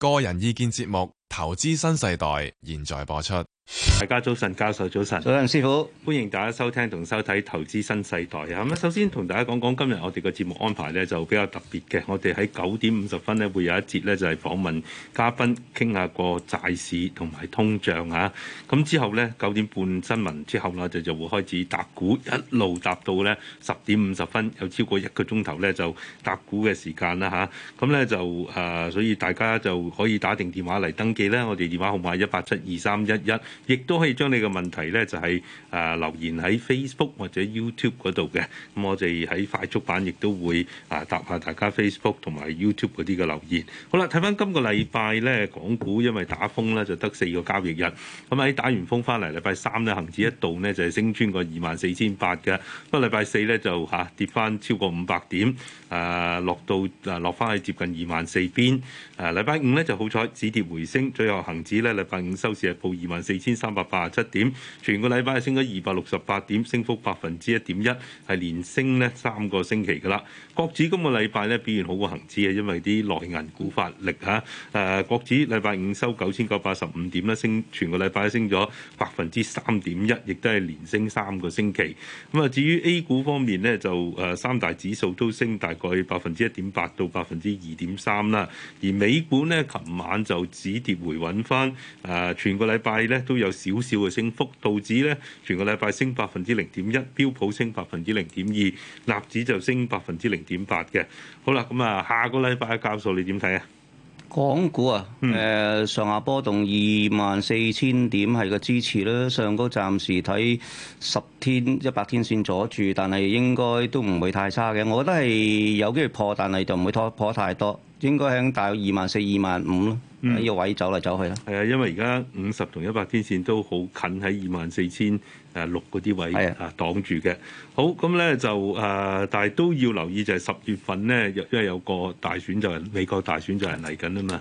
個人意見節目《投資新世代》現在播出。大家早晨，教授早晨，早晨師傅，歡迎大家收聽同收睇《投資新世代》啊！咁首先同大家講講今日我哋個節目安排呢，就比較特別嘅。我哋喺九點五十分呢，會有一節呢，就係訪問嘉賓，傾下個債市同埋通脹啊！咁之後呢，九點半新聞之後呢，就就會開始答股，一路答到呢十點五十分，有超過一個鐘頭呢，就答股嘅時間啦吓。咁、啊、呢就誒、呃，所以大家就可以打定電話嚟登記咧，我哋電話號碼一八七二三一一。亦都可以將你個問題咧，就係、是、啊、呃、留言喺 Facebook 或者 YouTube 嗰度嘅。咁、嗯、我哋喺快速版亦都會啊答下大家 Facebook 同埋 YouTube 嗰啲嘅留言。好啦，睇翻今個禮拜咧，港股因為打風咧，就得四個交易日。咁、嗯、喺打完風翻嚟，禮拜三咧，恆指一度呢就係、是、升穿個二萬四千八嘅。不過禮拜四咧就下跌翻超過五百點。誒、啊、落到誒、啊、落翻去接近二萬四邊誒，禮、啊、拜五呢就好彩止跌回升，最後恒指呢禮拜五收市係報二萬四千三百八十七點，全個禮拜升咗二百六十八點，升幅百分之一點一，係連升呢三個星期㗎啦。國指今個禮拜呢表現好過恒指嘅，因為啲內銀股發力嚇誒，國、啊、指禮拜五收九千九百八十五點呢，升全個禮拜升咗百分之三點一，亦都係連升三個星期。咁啊，至於 A 股方面呢，就誒、啊、三大指數都升大過去百分之一點八到百分之二點三啦，而美股咧，琴晚就止跌回穩返。誒、呃，全個禮拜咧都有少少嘅升幅，道指咧全個禮拜升百分之零點一，標普升百分之零點二，納指就升百分之零點八嘅。好啦，咁、嗯、啊，下個禮拜嘅教授你點睇啊？港股啊，誒、嗯、上下波動二萬四千點係個支持啦。上高暫時睇十天、一百天線阻住，但係應該都唔會太差嘅。我覺得係有機會破，但係就唔會破破太多。應該喺大約二萬四、二萬五咯，呢個位走嚟走去啦。係啊，因為而家五十同一百天線都好近喺二萬四千誒六嗰啲位啊，擋住嘅。的好，咁咧就誒、呃，但係都要留意就係十月份咧，因為有個大選就係美國大選就係嚟緊吖嘛。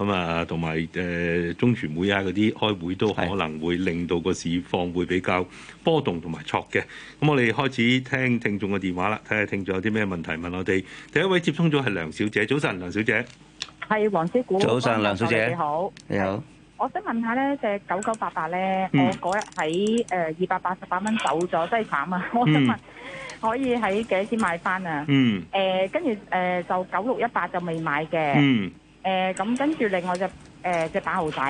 咁啊，同埋誒中全會啊嗰啲開會都可能會令到個市況會比較波動同埋錯嘅。咁我哋開始聽聽眾嘅電話啦，睇下聽眾有啲咩問題問我哋。第一位接通咗係梁小姐，早晨，梁小姐，係黃師傅。早上，梁小姐，你好，你好。你好，我想問下咧，隻九九八八咧，我嗰日喺誒二百八十八蚊走咗真係慘啊， 我想問可以喺幾多錢買翻啊？誒、嗯，跟住誒就九六一八就未買嘅。嗯嗯誒，咁跟住另外隻誒隻八號仔，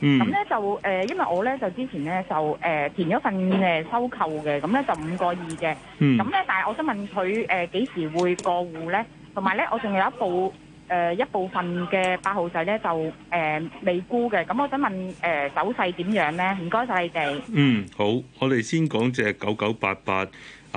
咁咧就誒，因為我咧就之前咧就誒填咗份誒收購嘅，咁咧就五個二嘅，咁咧但係我想問佢誒幾時會過戶咧？同埋咧，我仲有一部誒一部分嘅八號仔咧就誒未沽嘅，咁我想問誒手勢點樣咧？唔該晒你哋。嗯，好，我哋先講隻九九八八。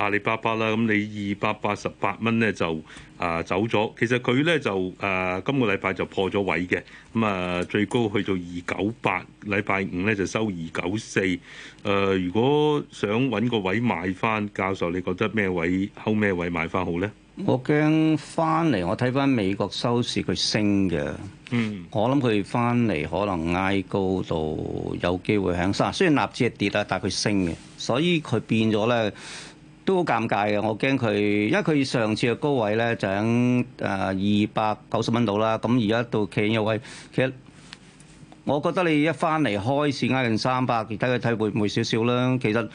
阿、啊、里巴巴啦，咁你二百八十八蚊咧就啊走咗。其實佢咧就誒、啊、今個禮拜就破咗位嘅，咁啊最高去到二九八，禮拜五咧就收二九四。誒、啊，如果想搵個位買翻，教授你覺得咩位後咩位買翻好咧？我驚翻嚟，我睇翻美國收市佢升嘅，嗯，我諗佢翻嚟可能捱高度有機會響山。雖然納指係跌啦，但係佢升嘅，所以佢變咗咧。都好尷尬嘅，我驚佢，因為佢上次嘅高位咧就喺誒二百九十蚊度啦，咁而家到企喺呢位，其實我覺得你一翻嚟開市挨近三百，睇佢睇會唔會少少啦。其實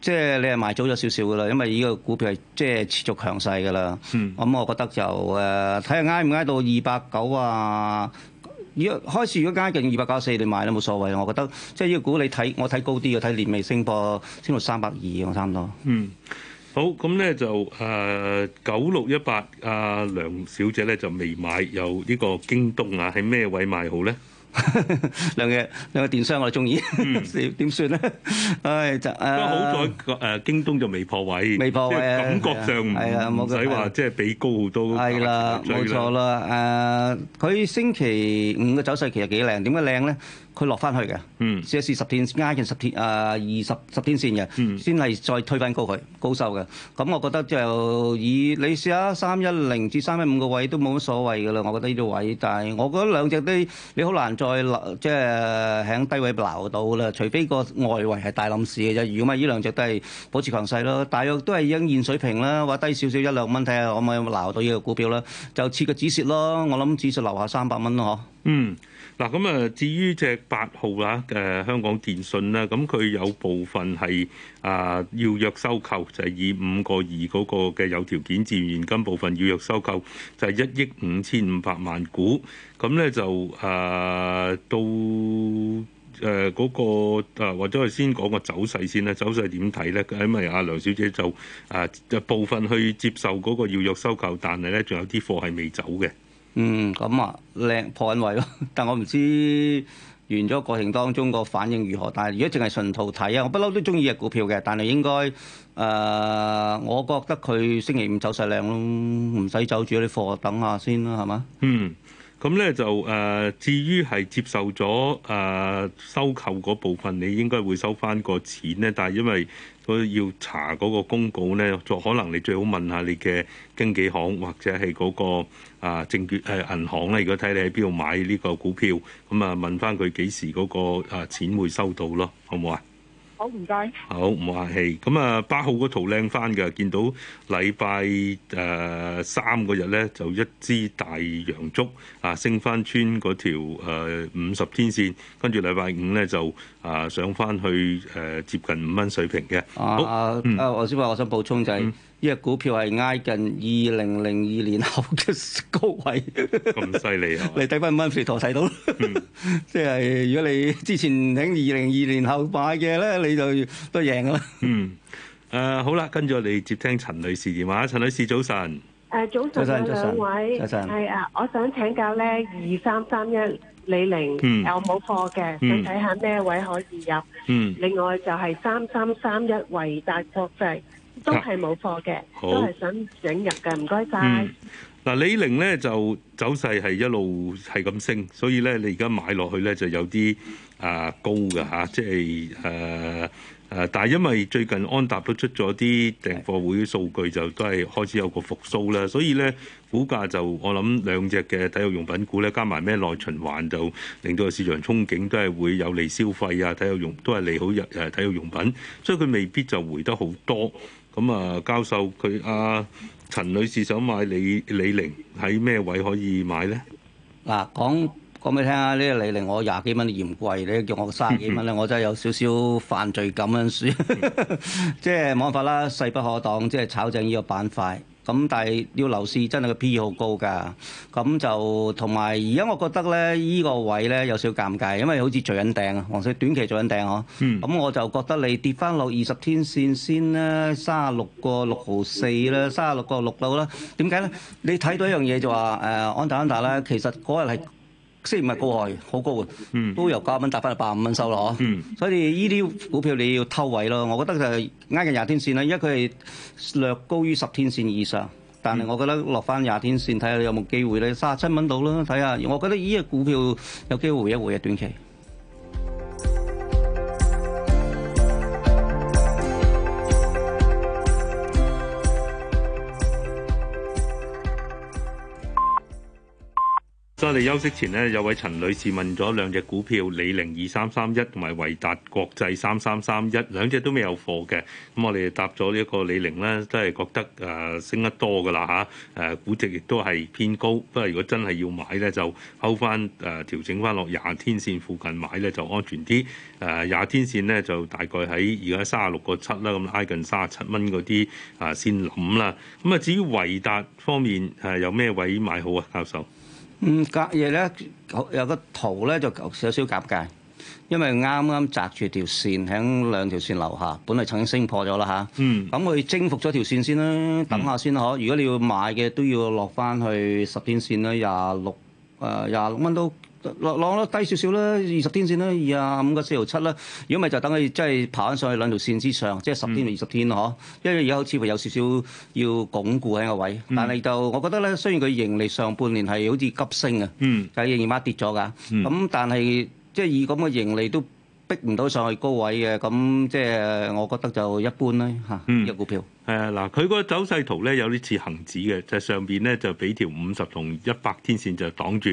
即係、就是、你係買早咗少少噶啦，因為依個股票係即係持續強勢噶啦。咁、嗯嗯、我覺得就誒睇下挨唔挨到二百九啊？如果開始，如果加近二百九十四，你買都冇所謂。我覺得即係呢個股你睇，我睇高啲嘅，睇年尾升噃，升到三百二，我差唔多。嗯，好。咁咧就誒九六一八，阿、呃呃、梁小姐咧就未買，有呢個京東啊，喺咩位買好咧？兩嘢，兩 個，個電商我哋中意，點、嗯、 算咧？唉、 哎，就都、uh, 好彩，誒，京東就未破位，未破位、啊、感覺上係啊，冇使話即係比高好多。係啦的，冇以錯啦。誒，佢星期五嘅走勢其實幾靚，點解靚咧？佢落翻去嘅，即係試一試十天挨近十天啊，二十十天線嘅，先係再推翻高佢高收嘅。咁我覺得就以你試下三一零至三一五個位都冇乜所謂嘅啦。我覺得呢啲位，但係我覺得兩隻都你好難再留，即係喺低位撈到啦。除非個外圍係大冧市嘅啫。如果唔係，呢兩隻都係保持強勢咯。大約都係應現水平啦，或低少少一兩蚊睇下可唔可以撈到呢個股票啦。就設個止蝕咯，我諗止蝕留下三百蚊咯，嗬。嗯。嗱咁啊，至於隻八號啦，誒香港電訊咧，咁佢有部分係啊要約收購，就係、是、以五個二嗰個嘅有條件自願現金部分要約收購，就係一億五千五百萬股。咁咧就啊都誒嗰個或者係先講個走勢先啦。走勢點睇咧？因為阿梁小姐就啊部分去接受嗰個要約收購，但係咧仲有啲貨係未走嘅。嗯，咁啊，靚破位咯、啊，但我唔知完咗過程當中個反應如何。但係如果淨係純圖睇啊，我不嬲都中意嘅股票嘅，但係應該誒、呃，我覺得佢星期五走勢靚咯，唔使走住啲貨等下先啦、啊，係嘛？嗯。咁咧就誒、呃，至於係接受咗誒、呃、收購嗰部分，你應該會收翻個錢咧。但係因為我要查嗰個公告咧，就可能你最好問下你嘅經紀行或者係嗰、那個啊、呃、證券誒、呃、銀行咧，如果睇你喺邊度買呢個股票，咁啊問翻佢幾時嗰、那個啊、呃、錢會收到咯，好唔好啊？好唔該。謝謝，好唔客氣。咁啊，八號個圖靚翻嘅，見到禮拜誒三個日咧，就一支大陽燭啊，升翻穿嗰條五十、啊、天線，跟住禮拜五咧就啊上翻去誒、啊、接近五蚊水平嘅。好啊、嗯、啊，黃師傅我想補充就係。嗯因為股票係挨近二零零二年後嘅高位，咁犀利啊！你睇翻 Mentor 睇到，即係如果你之前喺二零零二年後買嘅咧，你就都贏噶啦。嗯，誒好啦，跟住我哋接聽陳女士電話。陳女士早晨，誒早晨，早晨兩位，早晨，係啊，我想請教咧，二三三一李寧有冇貨嘅？想睇下咩位可以入？嗯，另外就係三三三一維達國際。都係冇貨嘅，好都係想整入嘅。唔該晒，嗱、嗯，李寧呢就走勢係一路係咁升，所以咧你而家買落去咧就有啲啊高㗎吓，即係誒誒。但係因為最近安踏都出咗啲訂貨會數據，就都係開始有個復甦啦，所以咧股價就我諗兩隻嘅體育用品股咧，加埋咩內循環就令到個市場憧憬都係會有利消費啊，體育用都係利好入誒體育用品，所以佢未必就回得好多。咁啊、嗯，教授佢阿、啊、陳女士想買李李寧喺咩位可以買咧？嗱，講講俾你聽下呢、呢個李寧我廿幾蚊嫌貴，你叫我三十幾蚊咧， 我真係有少少犯罪感咁樣選， 即係冇法啦，勢不可擋，即係炒正呢個板塊。咁但係要樓市真係個 P/E 好高㗎，咁就同埋而家我覺得咧，依個位咧有少少尷尬，因為好似做緊頂啊，或者短期做緊頂呵。咁我就覺得你跌翻落二十天線先咧，三十六個六毫四啦，三十六個六度啦。點解咧？你睇到一樣嘢就話誒安踏、安踏啦，其實嗰日係。然唔係高開，好高嘅，嗯、都由九十蚊打翻去八十五蚊收啦，嗬、嗯。所以呢啲股票你要偷位咯。我覺得就挨近廿天線啦，依家佢係略高於十天線以上，但係我覺得落翻廿天線睇下你有冇機會咧？三十七蚊到啦，睇下。我覺得呢隻股票有機會回一回啊短期。咁我哋休息前呢，有位陳女士問咗兩隻股票，李寧二三三一同埋維達國際三三三一，兩隻都未有貨嘅。咁我哋答咗呢一個李寧呢，都係覺得誒、呃、升得多噶啦吓，誒、啊、估值亦都係偏高。不過如果真係要買呢，就勾翻誒調整翻落廿天線附近買呢，就安全啲。誒、啊、廿天線呢，就大概喺而家三十六個七啦，咁拉近三十七蚊嗰啲啊先諗啦。咁啊，啊至於維達方面誒、啊、有咩位買好啊？教授？嗯，隔夜咧，有個圖咧就少少尷尬，因為啱啱摘住條線喺兩條線樓下，本來曾經升破咗啦吓，嗯，咁佢征服咗條線先啦，等下先可，如果你要買嘅，都要落翻去十天線啦，廿六誒廿六蚊都。落落咗低少少啦，二十天線啦，二啊五個四毫七啦。如果咪就等佢即係爬翻上去兩條線之上，嗯、即係十天定二十天咯，嗬。因為而家好似乎有少少要鞏固喺個位，但係就我覺得咧，雖然佢盈利上半年係好似急升啊，嗯、但係仍然話跌咗㗎。咁、嗯、但係即係以咁嘅盈利都逼唔到上去高位嘅，咁即係我覺得就一般啦嚇呢隻股、啊嗯、票。係啊、嗯，嗱，佢個走勢圖咧有啲似恒指嘅，就是、上邊咧就俾條五十同一百天線就擋住，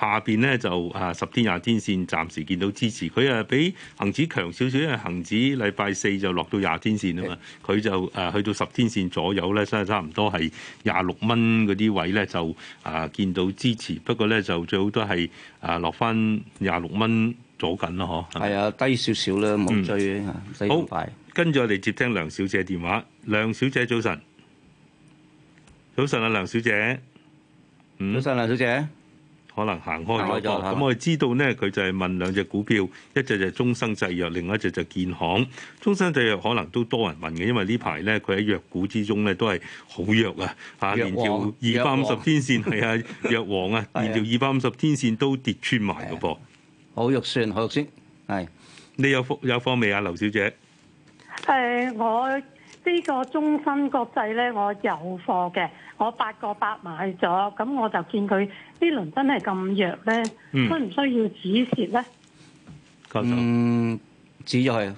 下邊咧就啊十天廿天線暫時見到支持。佢啊比恒指強少少，因為恒指禮拜四就落到廿天線啊嘛，佢的就啊去到十天線左右咧，真係差唔多係廿六蚊嗰啲位咧就啊見到支持。不過咧就最好都係啊落翻廿六蚊。早緊咯，嗬、嗯！係啊，低少少啦，冇追啊，快！跟住我哋接聽梁小姐電話。梁小姐早晨，早晨啊，梁小姐，嗯、早晨梁小姐，可能行開咗。咁我哋知道呢，佢就係問兩隻股票，一隻就中生製藥，另外一隻就建行。中生製藥可能都多人問嘅，因為呢排呢，佢喺藥股之中呢都係好弱啊。弱王，弱王，連條二百五十天線係啊，弱王啊，連條二百五十天線都跌穿埋嘅噃。好肉酸，好肉酸，係，你有貨有貨未啊，劉小姐？誒、呃，我呢個中芯國際咧，我有貨嘅，我八個八買咗，咁我就見佢呢輪真係咁弱咧，需唔、嗯、需要止蝕咧？咁、嗯、止咗去，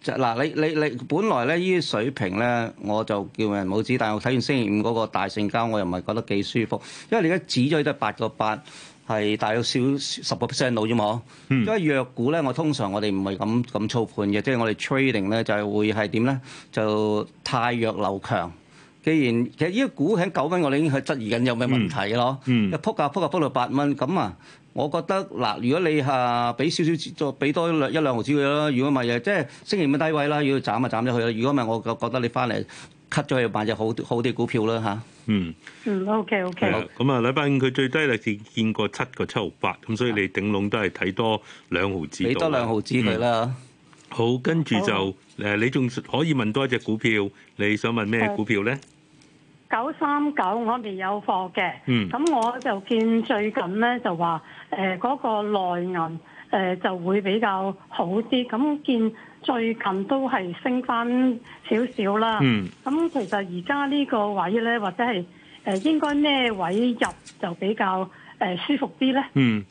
就嗱你你你本來咧呢啲水平咧，我就叫人冇止，但係我睇完星期五嗰個大成交，我又唔係覺得幾舒服，因為你而家止咗都係八個八。係大約少十個 percent 到啫嘛，嗯、因為弱股咧，我通常我哋唔係咁咁操盤嘅，即係我哋 trading 咧就係會係點咧？就汰弱留強，既然其實呢個股喺九蚊，我哋已經係質疑緊有咩問題咯。嗯嗯、一撲吓撲吓撲到八蚊，咁啊，我覺得嗱，如果你係俾、啊、少少，再俾多一,一兩毫子佢咯。如果唔係嘅，即係星期五低位啦，要斬就斬咗佢啦。如果唔係，我覺覺得你翻嚟。cut 咗又買隻好好啲股票啦嚇，嗯，嗯，OK OK，係啊，咁啊，禮拜五佢最低就見過七個七毫八，咁所以你頂籠都係睇多兩毫紙，睇多兩毫紙係啦，好，跟住就誒，你仲可以問多一隻股票，你想問咩股票咧？九三九我未有貨嘅，嗯，咁我就見最近咧就話誒嗰個內銀誒就會比較好啲，咁見。最近都係升返少少啦，咁、mm. 其實而家呢個位咧，或者係誒、呃、應該咩位入就比較誒、呃、舒服啲咧？嗯。Mm.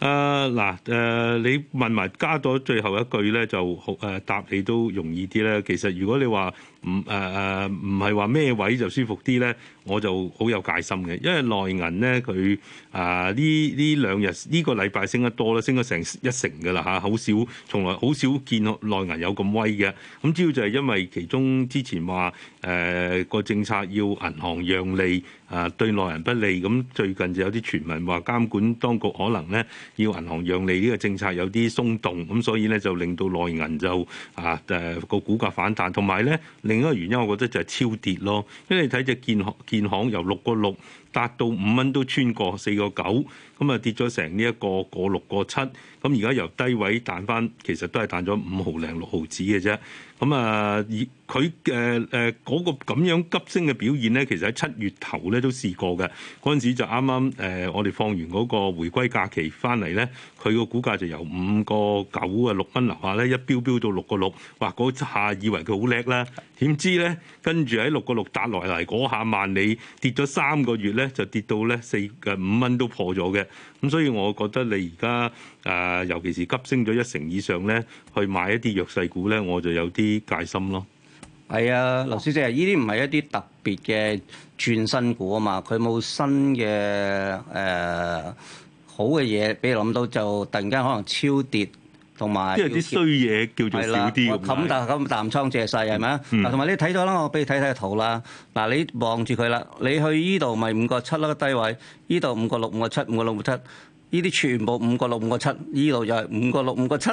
誒嗱誒，uh, uh, 你問埋加咗最後一句咧，就誒、uh, 答你都容易啲咧。其實如果你話唔誒誒唔係話咩位就舒服啲咧，我就好有戒心嘅。因為內銀咧佢啊呢呢兩、uh, 日呢、這個禮拜升得多啦，升咗成一成㗎啦嚇，好少從來好少見內銀有咁威嘅。咁主要就係因為其中之前話誒、uh, 個政策要銀行讓利啊，uh, 對內銀不利。咁最近就有啲傳聞話監管當局可能咧。要銀行讓利呢個政策有啲鬆動，咁所以咧就令到內銀就啊誒個、啊啊、股價反彈，同埋咧另一個原因，我覺得就係超跌咯，因為你睇隻建行建行由六個六。達到五蚊都穿過四個九，咁啊跌咗成呢一個個六個七，咁而家由低位彈翻，其實都係彈咗五毫零六毫子嘅啫。咁啊，佢嘅誒嗰個咁、呃、樣急升嘅表現咧，其實喺七月頭咧都試過嘅。嗰陣時就啱啱誒，我哋放完嗰個回歸假期翻嚟咧，佢個股價就由五個九啊六蚊樓下咧，一飆飆到六個六，哇！嗰下以為佢好叻啦，點知咧跟住喺六個六達來嚟嗰下萬里跌咗三個月。咧就跌到咧四誒五蚊都破咗嘅，咁所以我覺得你而家誒尤其是急升咗一成以上咧，去買一啲弱勢股咧，我就有啲戒心咯。係啊，劉小姐，呢啲唔係一啲特別嘅轉身股啊嘛，佢冇新嘅誒、呃、好嘅嘢，畀你諗到就突然間可能超跌。同埋，即係啲衰嘢叫做少啲咁。冚笪咁滲瘡借勢係咪啊？嗱，同埋吧、嗯、你睇咗啦，我俾你睇睇個圖啦。嗱，你望住佢啦，你去依度咪五個七啦個低位，依度五個六、五個七、五個六、五七，呢啲全部五個六、五個七，依度就係五個六、五個七。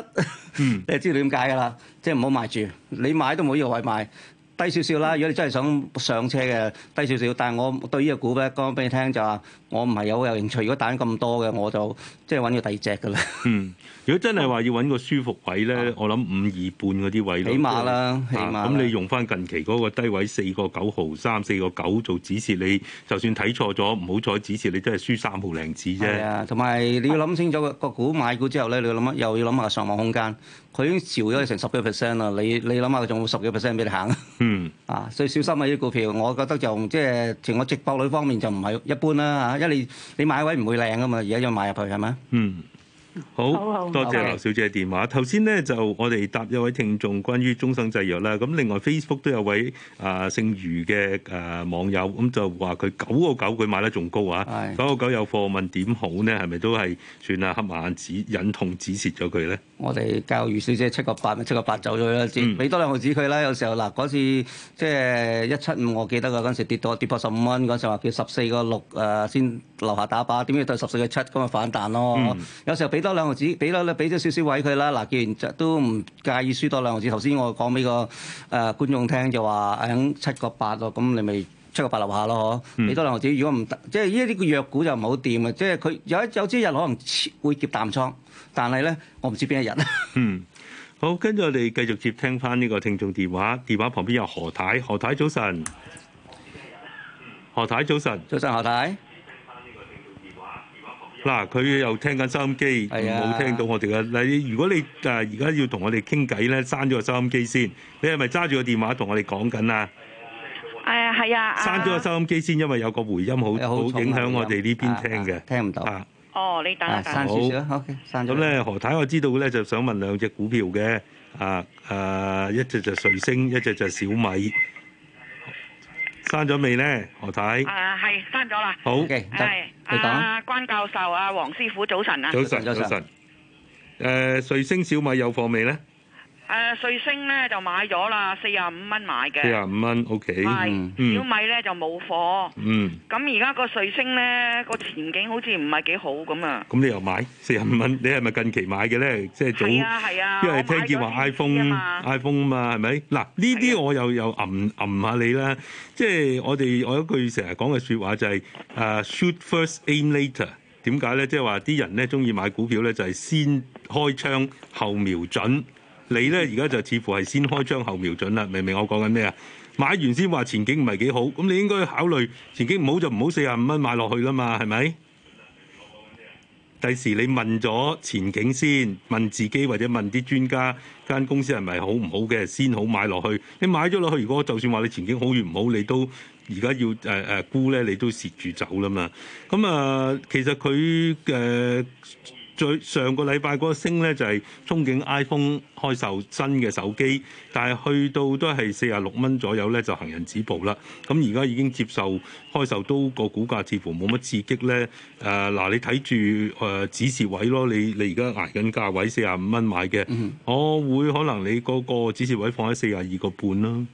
你就知道點解㗎啦。即係唔好買住，你買都唔好依個位買。低少少啦，如果你真係想上車嘅，低少少。但係我對呢個股咧講俾你聽就話，我唔係有有興趣。如果打咁多嘅，我就即係揾個第二隻㗎啦。嗯，如果真係話要揾個舒服位咧，嗯、我諗五二半嗰啲位。起碼啦，啊、起碼。咁、嗯、你用翻近期嗰個低位四個九毫三、四個九做指示你，你就算睇錯咗，唔好再指示你，你真係輸三毫零紙啫。係啊，同埋你要諗清楚、啊、個股買股之後咧，你要諗下，又要諗下上網空間。佢已經潮咗成十幾 percent 啦，你你諗下佢仲有十幾 percent 俾你行？ 嗯， 啊，所以小心啊啲股票，我覺得就即係從我直播裏方面就唔係一般啦、啊、嚇，因為你，你買位唔會靚㗎嘛，而家要買入去係咪？嗯。 好，好多謝劉小姐嘅電話。頭先呢，就我哋答一位聽眾關於終生製藥啦。咁另外 Facebook 都有位啊、呃、姓余嘅啊網友咁就話佢九個九佢買得仲高啊。九個九有貨問點好呢？係咪都係算啊？黑埋眼紙忍痛止蝕咗佢咧？我哋教余小姐七個八七個八走咗啦，俾、嗯、多兩毫子佢啦。有時候嗱嗰次即係一七五，就是、我記得嗰陣時跌到跌破十五蚊嗰陣時話佢十四個六誒先留下打靶，點知到十四個七咁啊反彈咯。嗯、有時候俾。多兩毫紙，俾啦，俾咗少少位佢啦。嗱、啊，既然就都唔介意輸多兩毫紙，頭先我講俾、呢個誒、呃、觀眾聽就話響七個八咯，咁你咪七個八樓下咯，嗬、嗯？俾多兩毫紙，如果唔得，即係呢啲個弱股就唔好掂啊！即係佢有有啲日可能會挾淡倉，但係咧，我唔知邊一日，嗯，好，跟住我哋繼續接聽返呢個聽眾電話，電話旁邊有何太，何太早晨，何太早晨，早晨何太。嗱，佢又聽緊收音機，冇、啊、聽到我哋嘅。嗱，如果你誒而家要同我哋傾偈咧，閂咗個收音機先。你係咪揸住個電話同我哋講緊啊？啊，係啊。閂咗個收音機先，因為有個回音，好、啊、好影響我哋呢邊聽嘅、啊。聽唔到。啊、哦，你等下，閂少少 OK，閂咗。咁咧、啊，何太我知道咧，就想問兩隻股票嘅。啊啊，一隻就瑞星，一隻就小米。閂咗未咧，何太？翻咗啦，好係阿關教授，啊，黃師傅，早晨啊！早晨早晨，誒，瑞 聲、呃、小米有貨未咧？誒，瑞星咧就買咗啦，四十五蚊買嘅。四十五蚊，O.K.，小米咧就冇貨。嗯。咁而家個瑞星咧個前景好似唔係幾好咁啊。咁你又買四十五蚊？你係咪近期買嘅咧？即係早。係啊，係啊。因為聽見話 iPhone，iPhone 嘛係咪？嗱，呢啲我又又吟吟下你啦。即係我哋我有一句成日講嘅説話就係誒 shoot first aim later。點解咧？即係話啲人咧中意買股票咧，就係先開槍後瞄準。你咧而家就似乎係先開槍後瞄準啦，明明我講緊咩啊？買完先話前景唔係幾好，咁你應該考慮前景唔好就唔好四十五蚊買落去啦嘛，係咪？第時你問咗前景先，問自己或者問啲專家間公司係咪好唔好嘅先好買落去。你買咗落去，如果就算話你前景好與唔好，你都而家要誒誒沽咧，你都蝕住走啦嘛。咁啊、呃，其實佢嘅。呃最上個禮拜嗰個升咧就係、是、憧憬 iPhone 開售新嘅手機，但係去到都係四啊六蚊左右咧就行人止步啦。咁而家已經接受開售都，都個股價似乎冇乜刺激咧。誒、呃、嗱，你睇住誒指示位咯。你你而家捱緊價位四啊五蚊買嘅，我、嗯哼哦、會可能你嗰個指示位放喺四啊二個半啦。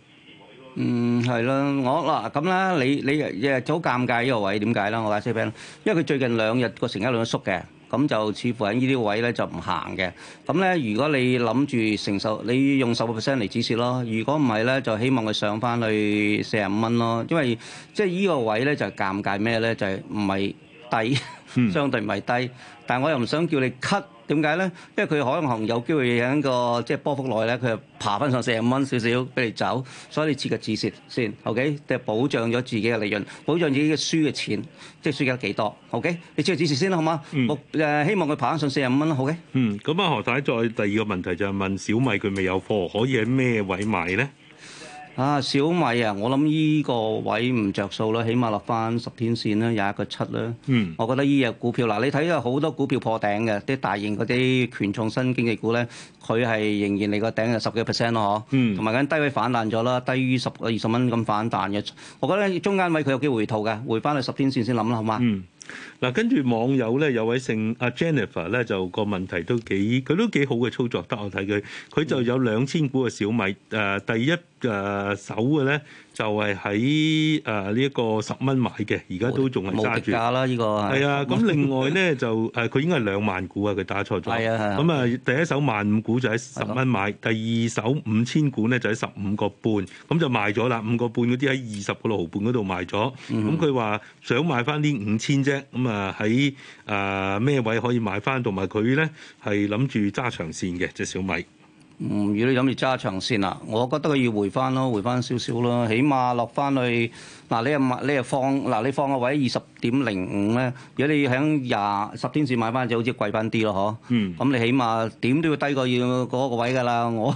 嗯，係啦，我嗱咁啦，你你日就好尷尬呢個位點解啦？我解釋俾你，因為佢最近兩日個成交量一路縮嘅。咁就似乎喺呢啲位咧就唔行嘅。咁咧，如果你諗住承受，你用十個 percent 嚟止蝕咯。如果唔係咧，就希望佢上翻去四十五蚊咯。因為即係呢個位咧就係、是、尷尬咩咧？就係唔係低，嗯、相對唔係低，但我又唔想叫你 cut。點解咧？因為佢可能有機會喺個即係、就是、波幅內咧，佢又爬翻上四十五蚊少少俾你走，所以你設個止蝕先，OK 即係保障咗自己嘅利潤，保障自己嘅輸嘅錢，即係輸咗幾多，okay? 你設個止蝕先啦，好嗎？嗯、我誒、呃、希望佢爬翻上四十五蚊啦，OK 嗯，咁啊，何太再第二個問題就係問小米佢未有貨，可以喺咩位買咧？啊！小米啊，我諗呢個位唔着數啦，起碼落翻十天線啦，廿一個七啦。嗯，我覺得呢隻股票嗱、啊，你睇啊好多股票破頂嘅，啲大型嗰啲權重新經濟股咧，佢係仍然嚟個頂係十幾 percent 咯，嗬。嗯。同埋緊低位反彈咗啦，低於十二十蚊咁反彈嘅，我覺得中間位佢有機會回吐嘅，回翻去十天線先諗啦，好嘛？嗯。嗱，跟住網友咧有位姓阿 Jennifer 咧，就個問題都幾佢都幾好嘅，操作得我睇佢，佢就有兩千股嘅小米誒、呃、第一誒手嘅咧。呃就係喺誒呢一個十蚊買嘅，而家都仲係揸住。無敵價啦！呢、呢個係啊，咁、嗯、另外咧就誒佢應該係兩萬股啊，佢打錯咗。係啊，咁啊第一手萬五股就喺十蚊買，啊、第二手五千股咧就喺十五個半，咁就賣咗啦。五個半嗰啲喺二十個六毫半嗰度賣咗。咁佢話想買翻呢五千啫。咁啊喺誒咩位可以買翻？同埋佢咧係諗住揸長線嘅，即係小米。唔，如果你諗住揸長線啊，我覺得佢要回翻咯，回翻少少咯，起碼落翻去。嗱，你啊買，你啊放，嗱，你放個位二十點零五咧，如果你喺廿十天線買翻，就好似貴翻啲咯，嗬？嗯。咁你起碼點都要低過要嗰個位噶啦，我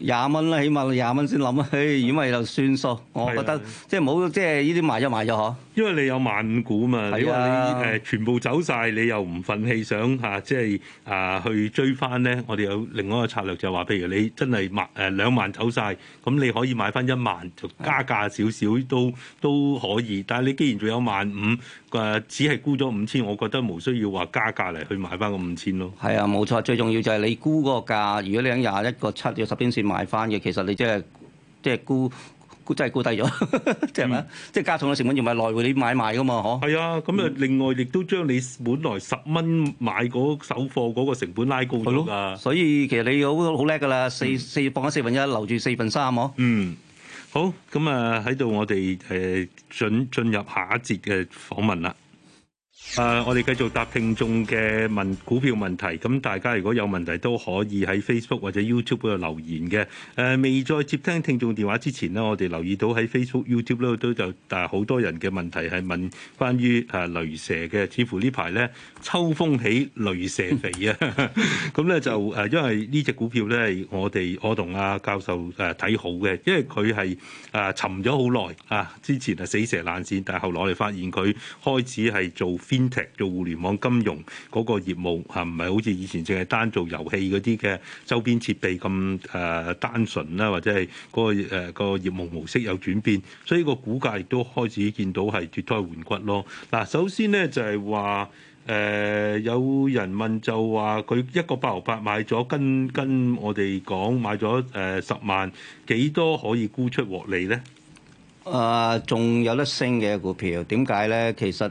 廿蚊啦，起碼廿蚊先諗啊，唉，如果咪就算數，我覺得即係冇即係呢啲賣咗賣咗嗬。因為你有萬五股嘛，如果你誒全部走曬，你又唔忿氣想嚇即係啊去追翻咧，我哋有另外一個策略就係話，譬如你真係萬誒兩萬走曬，咁你可以買翻一萬，就加價少少都。都可以，但係你既然仲有萬五，呃，誒只係沽咗五千，我覺得冇需要話加價嚟去買翻個五千咯。係啊，冇錯，最重要就係你沽嗰個價。如果你喺廿一個七嘅十點線買翻嘅，其實你即係即係沽，真係沽低咗， 即係咩啊？嗯、即係加重嘅成本，仲咪來回你買賣噶嘛？嗬。係啊，咁啊、嗯，另外亦都將你本來十蚊買嗰手貨嗰個成本拉高咗啊。所以其實你好好叻㗎啦，四四放咗四分一，留住四分三嗬。1, 3, 4, 4 3, 哦、嗯。好，咁啊喺度，我哋誒準進入下一節嘅訪問啦。誒，uh, 我哋繼續答聽眾嘅問股票問題。咁大家如果有問題都可以喺 Facebook 或者 YouTube 度留言嘅。誒、啊，未再接聽聽眾電話之前咧，我哋留意到喺 Facebook、YouTube 咧都就但係好多人嘅問題係問關於誒、啊、雷蛇嘅。似乎呢排咧秋風起，雷蛇肥、 嗯、啊。咁咧就誒，因為呢隻股票咧我哋我同阿教授誒睇、啊、好嘅，因為佢係誒沉咗好耐啊。之前係死蛇爛鱔，但係後來我哋發現佢開始係做。兼踢做互聯網金融嗰個業務嚇，唔係好似以前淨係單做遊戲嗰啲嘅周邊設備咁誒單純啦，或者、個誒、個業務模式有轉變，所以個股價亦都開始見到係脫胎換骨咯。嗱，首先呢，就係話誒有人問就話佢一個八毫八買咗，跟跟我哋講買咗誒十萬，幾多可以沽出獲利呢？啊、呃，仲有得升嘅股票，點解呢？其實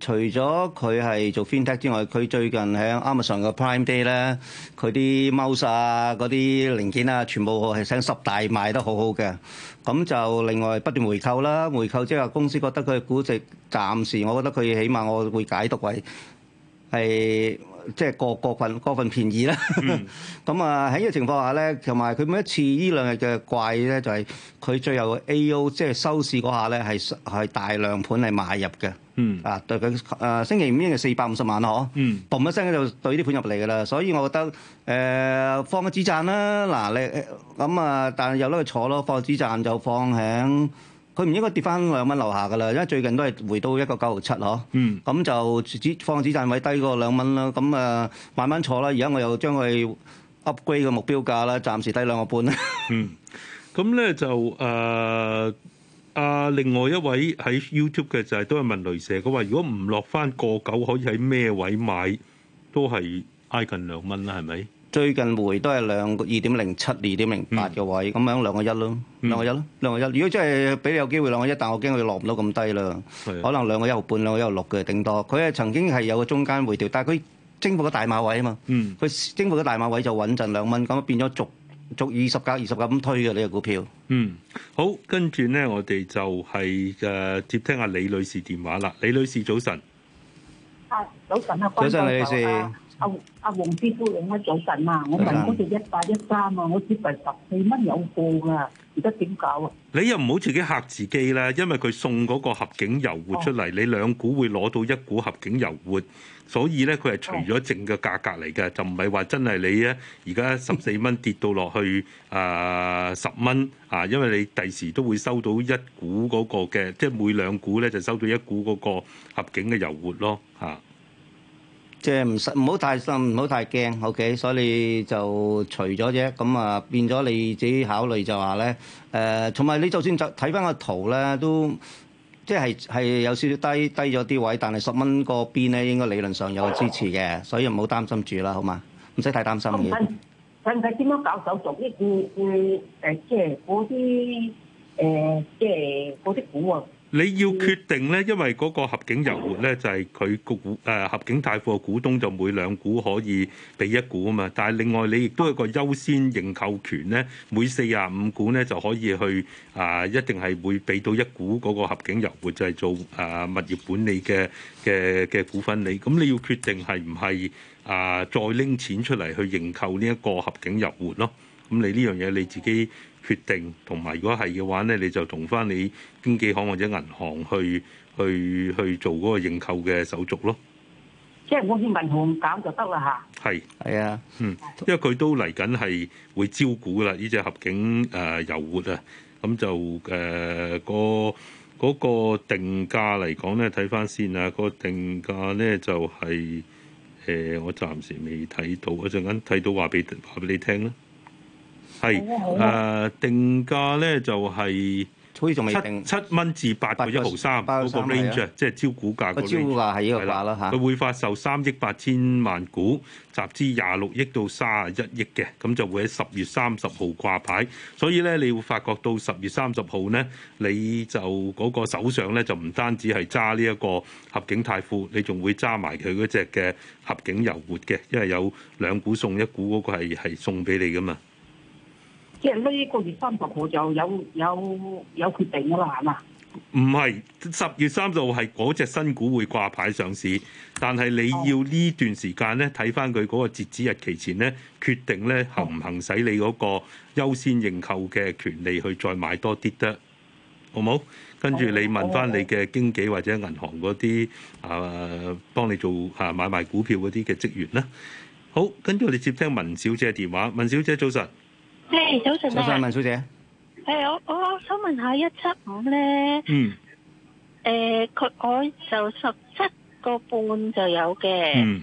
除咗佢係做 FinTech 之外，佢最近喺 Amazon 嘅 Prime Day 咧，佢啲 mouse 啊、嗰啲零件啊，全部係升十大賣得好好嘅。咁就另外不斷回購啦，回購即係話公司覺得佢嘅估值暫時，我覺得佢起碼我會解讀為係。即係過過份過份便宜啦。咁啊喺呢個情況下咧，同埋佢每一次呢兩日嘅怪咧，就係、是、佢最後 A.O. 即係收市嗰下咧係係大量盤嚟買入嘅。嗯啊對佢誒、呃、星期五已經係四百五十萬啦，嗬、啊。嗯，嘣一聲咧就對啲盤入嚟噶啦，所以我覺得誒、呃、放個止賺啦。嗱你咁啊，但係有得去坐咯，放止賺就放喺。佢唔應該跌翻兩蚊樓下噶啦，因為最近都係回到一個九毫七嗬，咁、嗯、就放指放個指位低過兩蚊啦。咁啊，慢慢坐啦。而家我又將佢 upgrade 個目標價啦，暫時低兩個半。咁咧、嗯、就誒啊、呃呃，另外一位喺 YouTube 嘅就係、是、都係問雷蛇。佢話如果唔落翻個九，可以喺咩位買都係挨近兩蚊啦，係咪？最近回都係兩個二點零七、二點零八嘅位，嗯，咁樣兩個一咯，兩個一咯，兩個一。如果真係俾你有機會兩個一，兩個一，但我驚佢落唔到咁低啦，是的 可能兩個一毫半、兩個一毫六嘅頂多。佢係曾經係有個中間回調，但係佢征服咗大馬位啊嘛，佢征服咗大馬位就穩陣兩蚊，咁變咗逐逐二十格、二十格咁推嘅呢個股票。嗯，好，跟住呢，我哋就係誒接聽下李女士電話啦。李女士，早晨。早晨啊，早晨李女士。早晨。阿阿黃師都講咗早晨啊！我問嗰隻一八一三啊，我知係十四蚊有貨㗎。而家點搞啊？你又唔好自己嚇自己啦，因為佢送嗰個合景悠活出嚟，你兩股會攞到一股合景悠活，所以咧佢係除咗淨嘅價格嚟嘅，就唔係話真係你咧而家十四蚊跌到落去啊十蚊啊，因為你第時都會收到一股嗰個嘅，即係每兩股咧就收到一股嗰個合景嘅悠活咯。即係唔使唔好太心，唔好太驚，OK，所以就除咗啫，咁啊變咗你自己考慮就話咧，誒同埋你就算就睇翻個圖咧，都即係係有少少低低咗啲位，但係十蚊個邊咧應該理論上有支持嘅，所以唔好擔心住啦，好嘛？唔使太擔心。睇唔睇點樣搞手續？一啲啲誒，即係嗰啲誒，即係嗰啲股啊？你要決定咧，因為嗰個合景悠活咧就係佢個股誒、呃、合景泰富嘅股東就每兩股可以俾一股啊嘛，但係另外你亦都有一個優先認購權咧，每四十五股咧就可以去啊、呃，一定係會俾到一股嗰個合景悠活就係、是、做啊、呃、物業管理嘅嘅嘅股份你，咁你要決定係唔係啊再拎錢出嚟去認購呢一個合景悠活咯，咁你呢樣嘢你自己。決定同埋，如果係嘅話咧，你就同翻你經紀行或者銀行去去去做嗰個認購嘅手續咯。即係我去銀行搞就得啦嚇。係係啊，嗯，因為佢都嚟緊係會招股啦，呢隻合景誒遊活啊，咁就誒個嗰個定價嚟講咧，睇翻先啊，個定價咧就係誒我暫時未睇到，我陣間睇到話俾話俾你聽啦。係誒、呃、定價咧，就係、是、七七蚊至八8.13個一毫三嗰個 range，即係招股價 range，個 range 係啦吓。佢會發售三億八千萬股，集資廿六億到卅一億嘅，咁，就會喺十月三十號掛牌。所以咧，你會發覺到十月三十號咧，你就嗰、那個手上咧就唔單止係揸呢一個合景泰富，你仲會揸埋佢嗰隻嘅合景悠活嘅，因為有兩股送一股，嗰個係送俾你噶嘛。即係呢個月三十號就有有有決定噶啦，係嘛？唔係十月三十號係嗰隻新股會掛牌上市，但係你要呢段時間咧睇翻佢嗰個截止日期前咧，決定咧行唔行使你嗰個優先認購嘅權利去再買多啲得，好冇？跟住你問翻你嘅經紀或者銀行嗰啲啊，幫、啊、你做吓、啊、買賣股票嗰啲嘅職員啦。好，跟住我哋接聽文小姐嘅電話，文小姐早晨。Hey, 早晨啊、hey！我想問小姐，誒、嗯，我我想問下一七五咧，嗯，誒，佢我就十七個半就有嘅，嗯，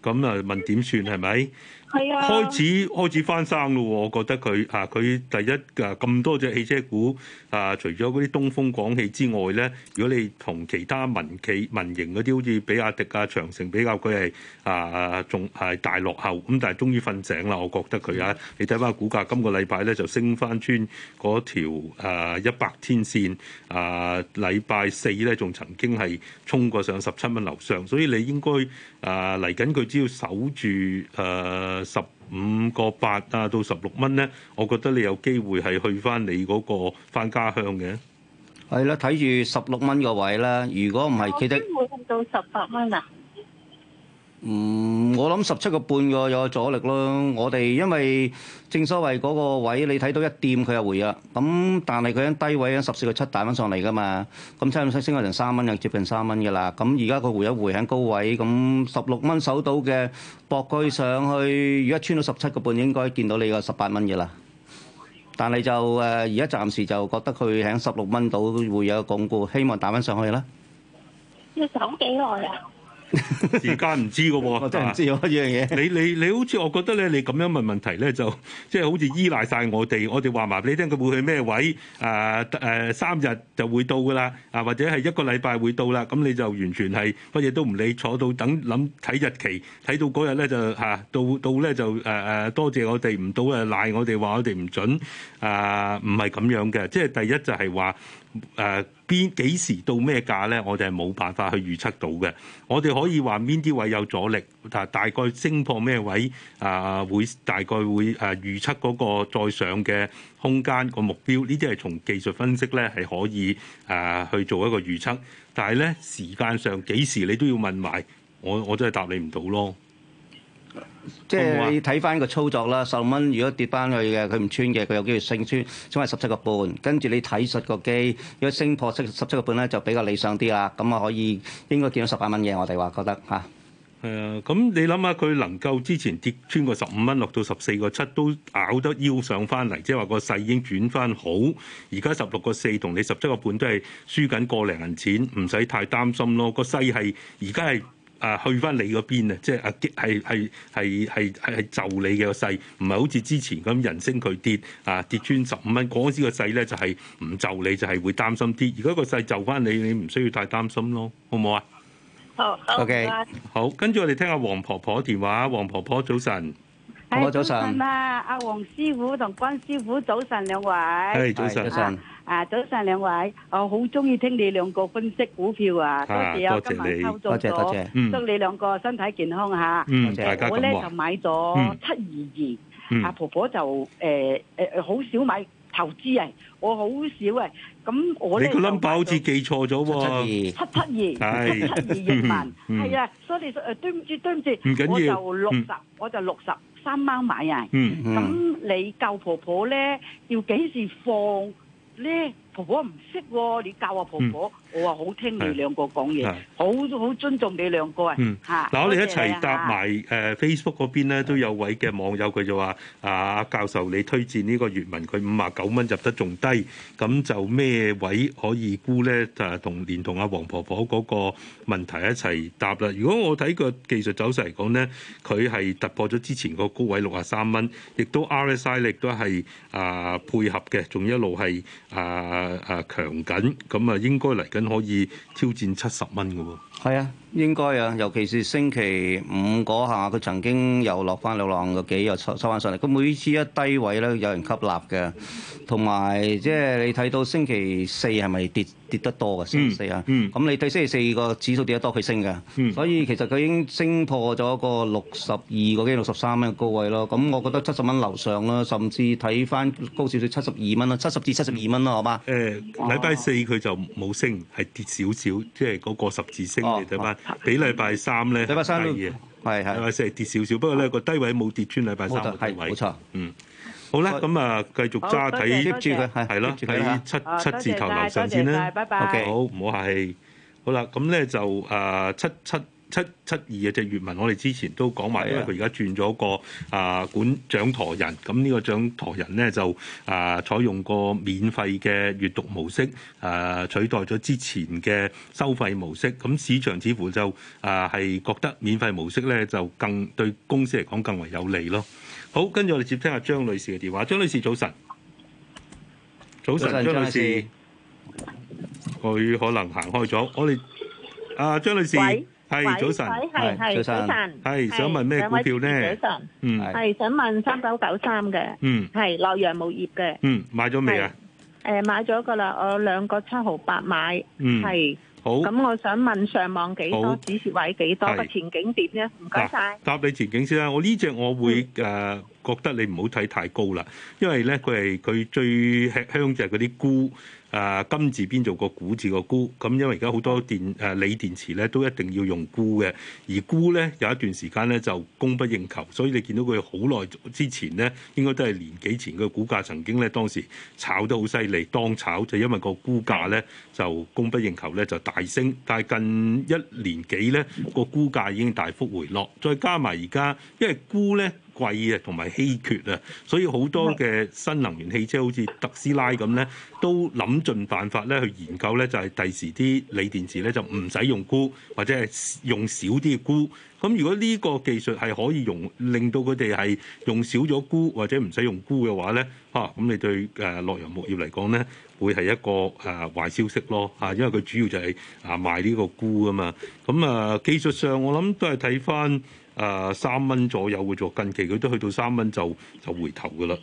咁啊，問點算係咪？係啊，開始開始翻生咯，我覺得佢啊，佢第一啊咁多隻汽車股。啊！除咗嗰啲東風廣汽之外咧，如果你同其他民企、民營嗰啲，好似比亞迪啊、長城比較，佢係啊仲係大落後。咁但係終於瞓醒啦，我覺得佢啊，你睇翻個股價，今個禮拜咧就升翻穿嗰條呃、一百天線。啊、呃，禮拜四咧仲曾經係衝過上十七蚊樓上，所以你應該啊嚟緊佢只要守住啊十。呃五個八啊，到十六蚊咧，我覺得你有機會係去翻你嗰個翻家鄉嘅。係啦，睇住十六蚊個位啦，如果唔係，佢都會去到十八蚊啊。嗯，我諗十七個半個有阻力咯。我哋因為正所謂嗰個位，你睇到一掂，佢又回啊。咁但係佢喺低位，喺十四個七打翻上嚟噶嘛。咁差唔多升咗成三蚊，又接近三蚊噶啦。咁而家佢回一回喺高位，咁十六蚊守到嘅，博佢上去，如果穿到十七個半，應該見到你個十八蚊噶啦。但係就誒，而家暫時就覺得佢喺十六蚊度會有個鞏固，希望打翻上去啦。要等幾耐啊？ 時間唔知噶喎， 我真唔知有一樣嘢。你你你好似我覺得咧，你咁樣問問題咧，就即係好似依賴晒我哋。我哋話埋俾你聽，佢會去咩位？誒、呃、誒、呃，三日就會到噶啦。啊，或者係一個禮拜會到啦。咁你就完全係乜嘢都唔理，坐到等諗睇日期，睇到嗰日咧就嚇到到咧就誒誒、呃，多謝我哋。唔到啊賴我哋話我哋唔準啊，唔係咁樣嘅。即係第一就係話。誒邊幾時到咩價咧？我哋係冇辦法去預測到嘅。我哋可以話邊啲位有阻力，但係大概升破咩位啊、呃？會大概會誒、呃、預測嗰個再上嘅空間、個目標，呢啲係從技術分析咧係可以誒、呃、去做一個預測。但係咧時間上幾時你都要問埋，我我真係答你唔到咯。即係你睇翻個操作啦，十六蚊如果跌翻去嘅，佢唔穿嘅，佢有機會升穿，升穿翻十七個半。跟住你睇實個機，如果升破十七個半咧，就比較理想啲啦。咁啊，可以應該見到十八蚊嘅，我哋話覺得嚇。係啊，咁你諗下佢能夠之前跌穿個十五蚊，落到十四個七都咬得腰上翻嚟，即係話個勢已經轉翻好。而家十六個四同你十七個半都係輸緊個零銀錢，唔使太擔心咯。個勢係而家係。啊，去返你嗰邊啊！即係啊，係係係係係就你嘅勢，唔係好似之前咁人升佢跌啊，跌穿十五蚊嗰陣時個勢咧就係唔就你，就係、係、會擔心啲。如果個勢就返你，你唔需要太擔心咯，好唔好啊？好 OK，好。跟住、oh, okay. Okay. 我哋聽下黃婆婆電話，黃婆婆早晨，好早晨啊！阿黃師傅同關師傅早晨兩位，係早晨。哎早晨早晨。啊，早晨兩位，我好中意聽你兩個分析股票啊！多謝啊，今晚操作咗，祝你兩個身體健康嚇。嗯，多謝大家講話。我咧就買咗七二二，阿婆婆就誒誒誒，好少買投資啊，我好少啊。咁我你個 number 好似記錯咗喎，七二七七二，七七二億萬。係啊，sorry 誒，對唔住對唔住，唔緊要。我就六十，我就六十三蚊買啊。嗯嗯。咁你舊婆婆咧要幾時放？呢婆婆唔識喎，你教下、啊、婆婆。嗯。我話好聽你兩個講嘢，好好尊重你兩個啊！嗱、嗯，我哋一齊答埋誒 Facebook 邊咧，都有位嘅網友佢就話啊教授，你推薦呢個閱文，佢五啊九蚊入得仲低，咁就咩位可以沽咧？就係同連同阿黃婆婆個問題一齊答啦。如果我睇個技術走勢嚟講咧，佢係突破咗之前個高位六啊三蚊，亦都 RSI 力都係啊配合嘅，仲一路係啊啊強緊咁啊應該嚟。可以挑戰七十蚊嘅喎，係啊。應該啊，尤其是星期五嗰下，佢曾經又落翻流浪個幾，又收收翻上嚟。佢每次一低位咧，有人吸納嘅，同埋即係你睇到星期四係咪跌跌得多嘅星期四啊？咁你睇星期四個指數跌得多，佢升嘅。所以其實佢已經升破咗一個六十二個幾六十三蚊嘅高位咯。咁我覺得七十蚊樓上啦，甚至睇翻高少少七十二蚊啦，七十至七十二蚊啦，好嘛？誒、呃，禮拜四佢就冇升，係、啊、跌少少，即係嗰個十字星嘅、啊啊啊比禮拜三咧低嘅，係係，話是係跌少少。不過咧個低位冇跌穿禮拜三低位，冇錯。嗯，好啦，咁啊繼續揸睇呢支嘅，係咯，喺七七字頭樓上先啦。拜拜，好唔好客氣？好啦，咁咧就誒七七。七七二嘅隻閲文，我哋之前都講埋，因為佢而家轉咗個啊管掌舵人，咁呢個掌舵人呢，就啊採、呃、用個免費嘅閲讀模式，啊、呃、取代咗之前嘅收費模式，咁市場似乎就啊、是、係、呃、覺得免費模式呢，就更對公司嚟講更為有利咯。好，跟住我哋接聽阿張女士嘅電話，張女士早晨，早晨張女士，佢可能行開咗，我哋啊張女士。係早晨，係早晨，係想問咩股票咧？嗯，係想問三九九三嘅，嗯，係洛陽鉬業嘅，嗯，買咗未啊？誒，買咗㗎啦，我兩個七毫八買，嗯，係好，咁我想問上望幾多？止蝕位幾多？個前景點咧？唔該晒。答你前景先啦，我呢隻我會誒覺得你唔好睇太高啦，因為咧佢係佢最吃香就係嗰啲鈷。誒、啊、金字邊做個古字個鈷，咁因為而家好多電誒鋰、啊、電池咧都一定要用鈷嘅，而鈷咧有一段時間咧就供不應求，所以你見到佢好耐之前咧應該都係年幾前個股價曾經咧當時炒得好犀利，當炒就因為個鈷價咧就供不應求咧就大升，但係近一年幾咧、那個鈷價已經大幅回落，再加埋而家因為鈷咧。貴啊，同埋稀缺啊，所以好多嘅新能源汽車好似特斯拉咁咧，都諗盡辦法咧去研究咧，就係第時啲鋰電池咧就唔使用鈷，或者係用少啲鈷。咁如果呢個技術係可以用，令到佢哋係用少咗鈷，或者唔使用鈷嘅話咧，嚇、啊、咁你對誒洛陽鉬業嚟講咧，會係一個誒、呃、壞消息咯嚇，因為佢主要就係啊賣呢個鈷啊嘛。咁啊、呃、技術上，我諗都係睇返。誒三蚊左右嘅啫，近期佢都去到三蚊就就回頭嘅啦。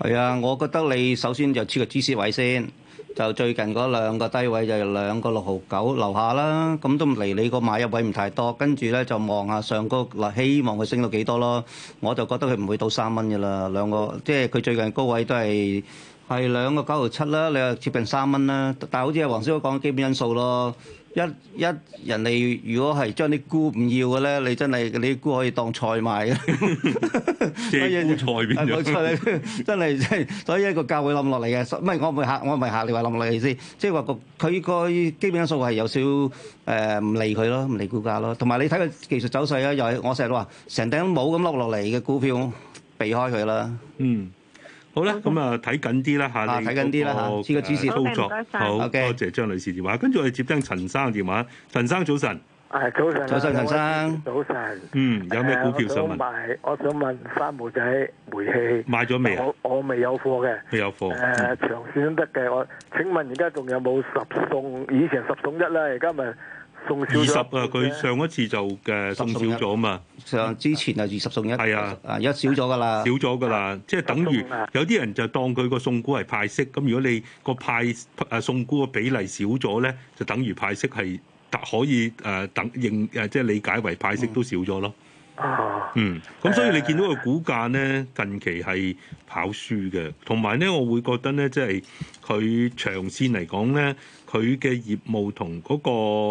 係啊，我覺得你首先就設個止蝕位先，就最近嗰兩個低位就係兩個六毫九樓下啦。咁都唔離你個買入位唔太多，跟住咧就望下上高，嗱，希望佢升到幾多咯？我就覺得佢唔會到三蚊嘅啦。兩個即係佢最近高位都係係兩個九毫七啦，你又接近三蚊啦。但係好似阿黃師哥講基本因素咯。一一人哋如果係將啲菇唔要嘅咧，你真係啲菇可以當菜賣嘅，咩菇菜變咗？真係，所以一個價會冧落嚟嘅，唔係我唔係嚇我唔係嚇你話冧落嚟先，即係話個佢個基本因素係有少誒唔理佢咯，唔理股價咯。同埋你睇個技術走勢咧，又係我成日都話成頂帽咁碌落嚟嘅股票，避開佢啦。嗯。好啦，咁啊睇緊啲啦嚇，睇緊啲啦嚇，試個指示操作，啊、好多謝張女士電話，跟住我哋接聽陳生電話。陳生早晨，早晨，早晨，陳生，早晨，早嗯，有咩股票想問？呃、我想我想問三毛仔煤氣，買咗未？我我未有貨嘅，未有貨。誒、嗯，長線都得嘅，我請問而家仲有冇十送？以前十送一啦，而家咪。二十啊！佢上一次就嘅送，送少咗嘛？上之前啊，二十送一。係啊，啊而家少咗噶啦。少咗噶啦，即係等於有啲人就當佢個送股係派息。咁如果你個派啊送股個比例少咗咧，就等於派息係可以誒等、啊、認誒，即係理解為派息都少咗咯。啊，嗯，咁所以你見到個股價咧，近期係跑輸嘅，同埋咧，我會覺得咧，即係佢長線嚟講咧。佢嘅業務同嗰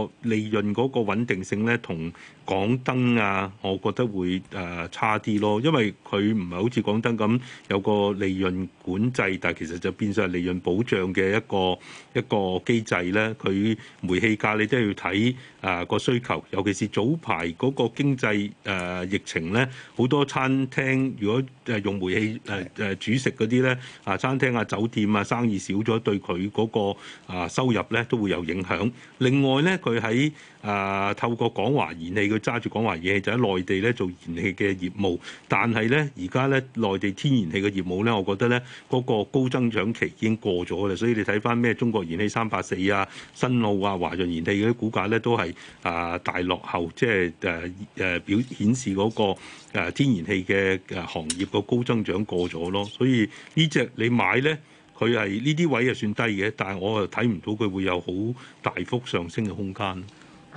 個利潤嗰個穩定性咧，同港燈啊，我覺得會誒差啲咯。因為佢唔係好似港燈咁有個利潤管制，但係其實就變成係利潤保障嘅一個一個機制咧。佢煤氣價你真係要睇誒個需求，尤其是早排嗰個經濟誒疫情咧，好多餐廳如果誒用煤氣誒誒煮食嗰啲咧，啊餐廳啊酒店啊生意少咗，對佢嗰個啊收入咧都會有影響。另外咧，佢喺啊透過港華燃氣，佢揸住港華燃氣，就喺內地咧做燃氣嘅業務但呢。但係咧，而家咧內地天然氣嘅業務咧，我覺得咧嗰、那個高增長期已經過咗啦。所以你睇翻咩中國燃氣三八四啊、新奧啊、華潤燃氣嗰啲股價咧，都係啊、呃、大落後、就是，即係誒誒表顯示嗰個天然氣嘅行業個高增長過咗咯。所以呢隻你買咧。佢係呢啲位又算低嘅，但係我又睇唔到佢會有好大幅上升嘅空間。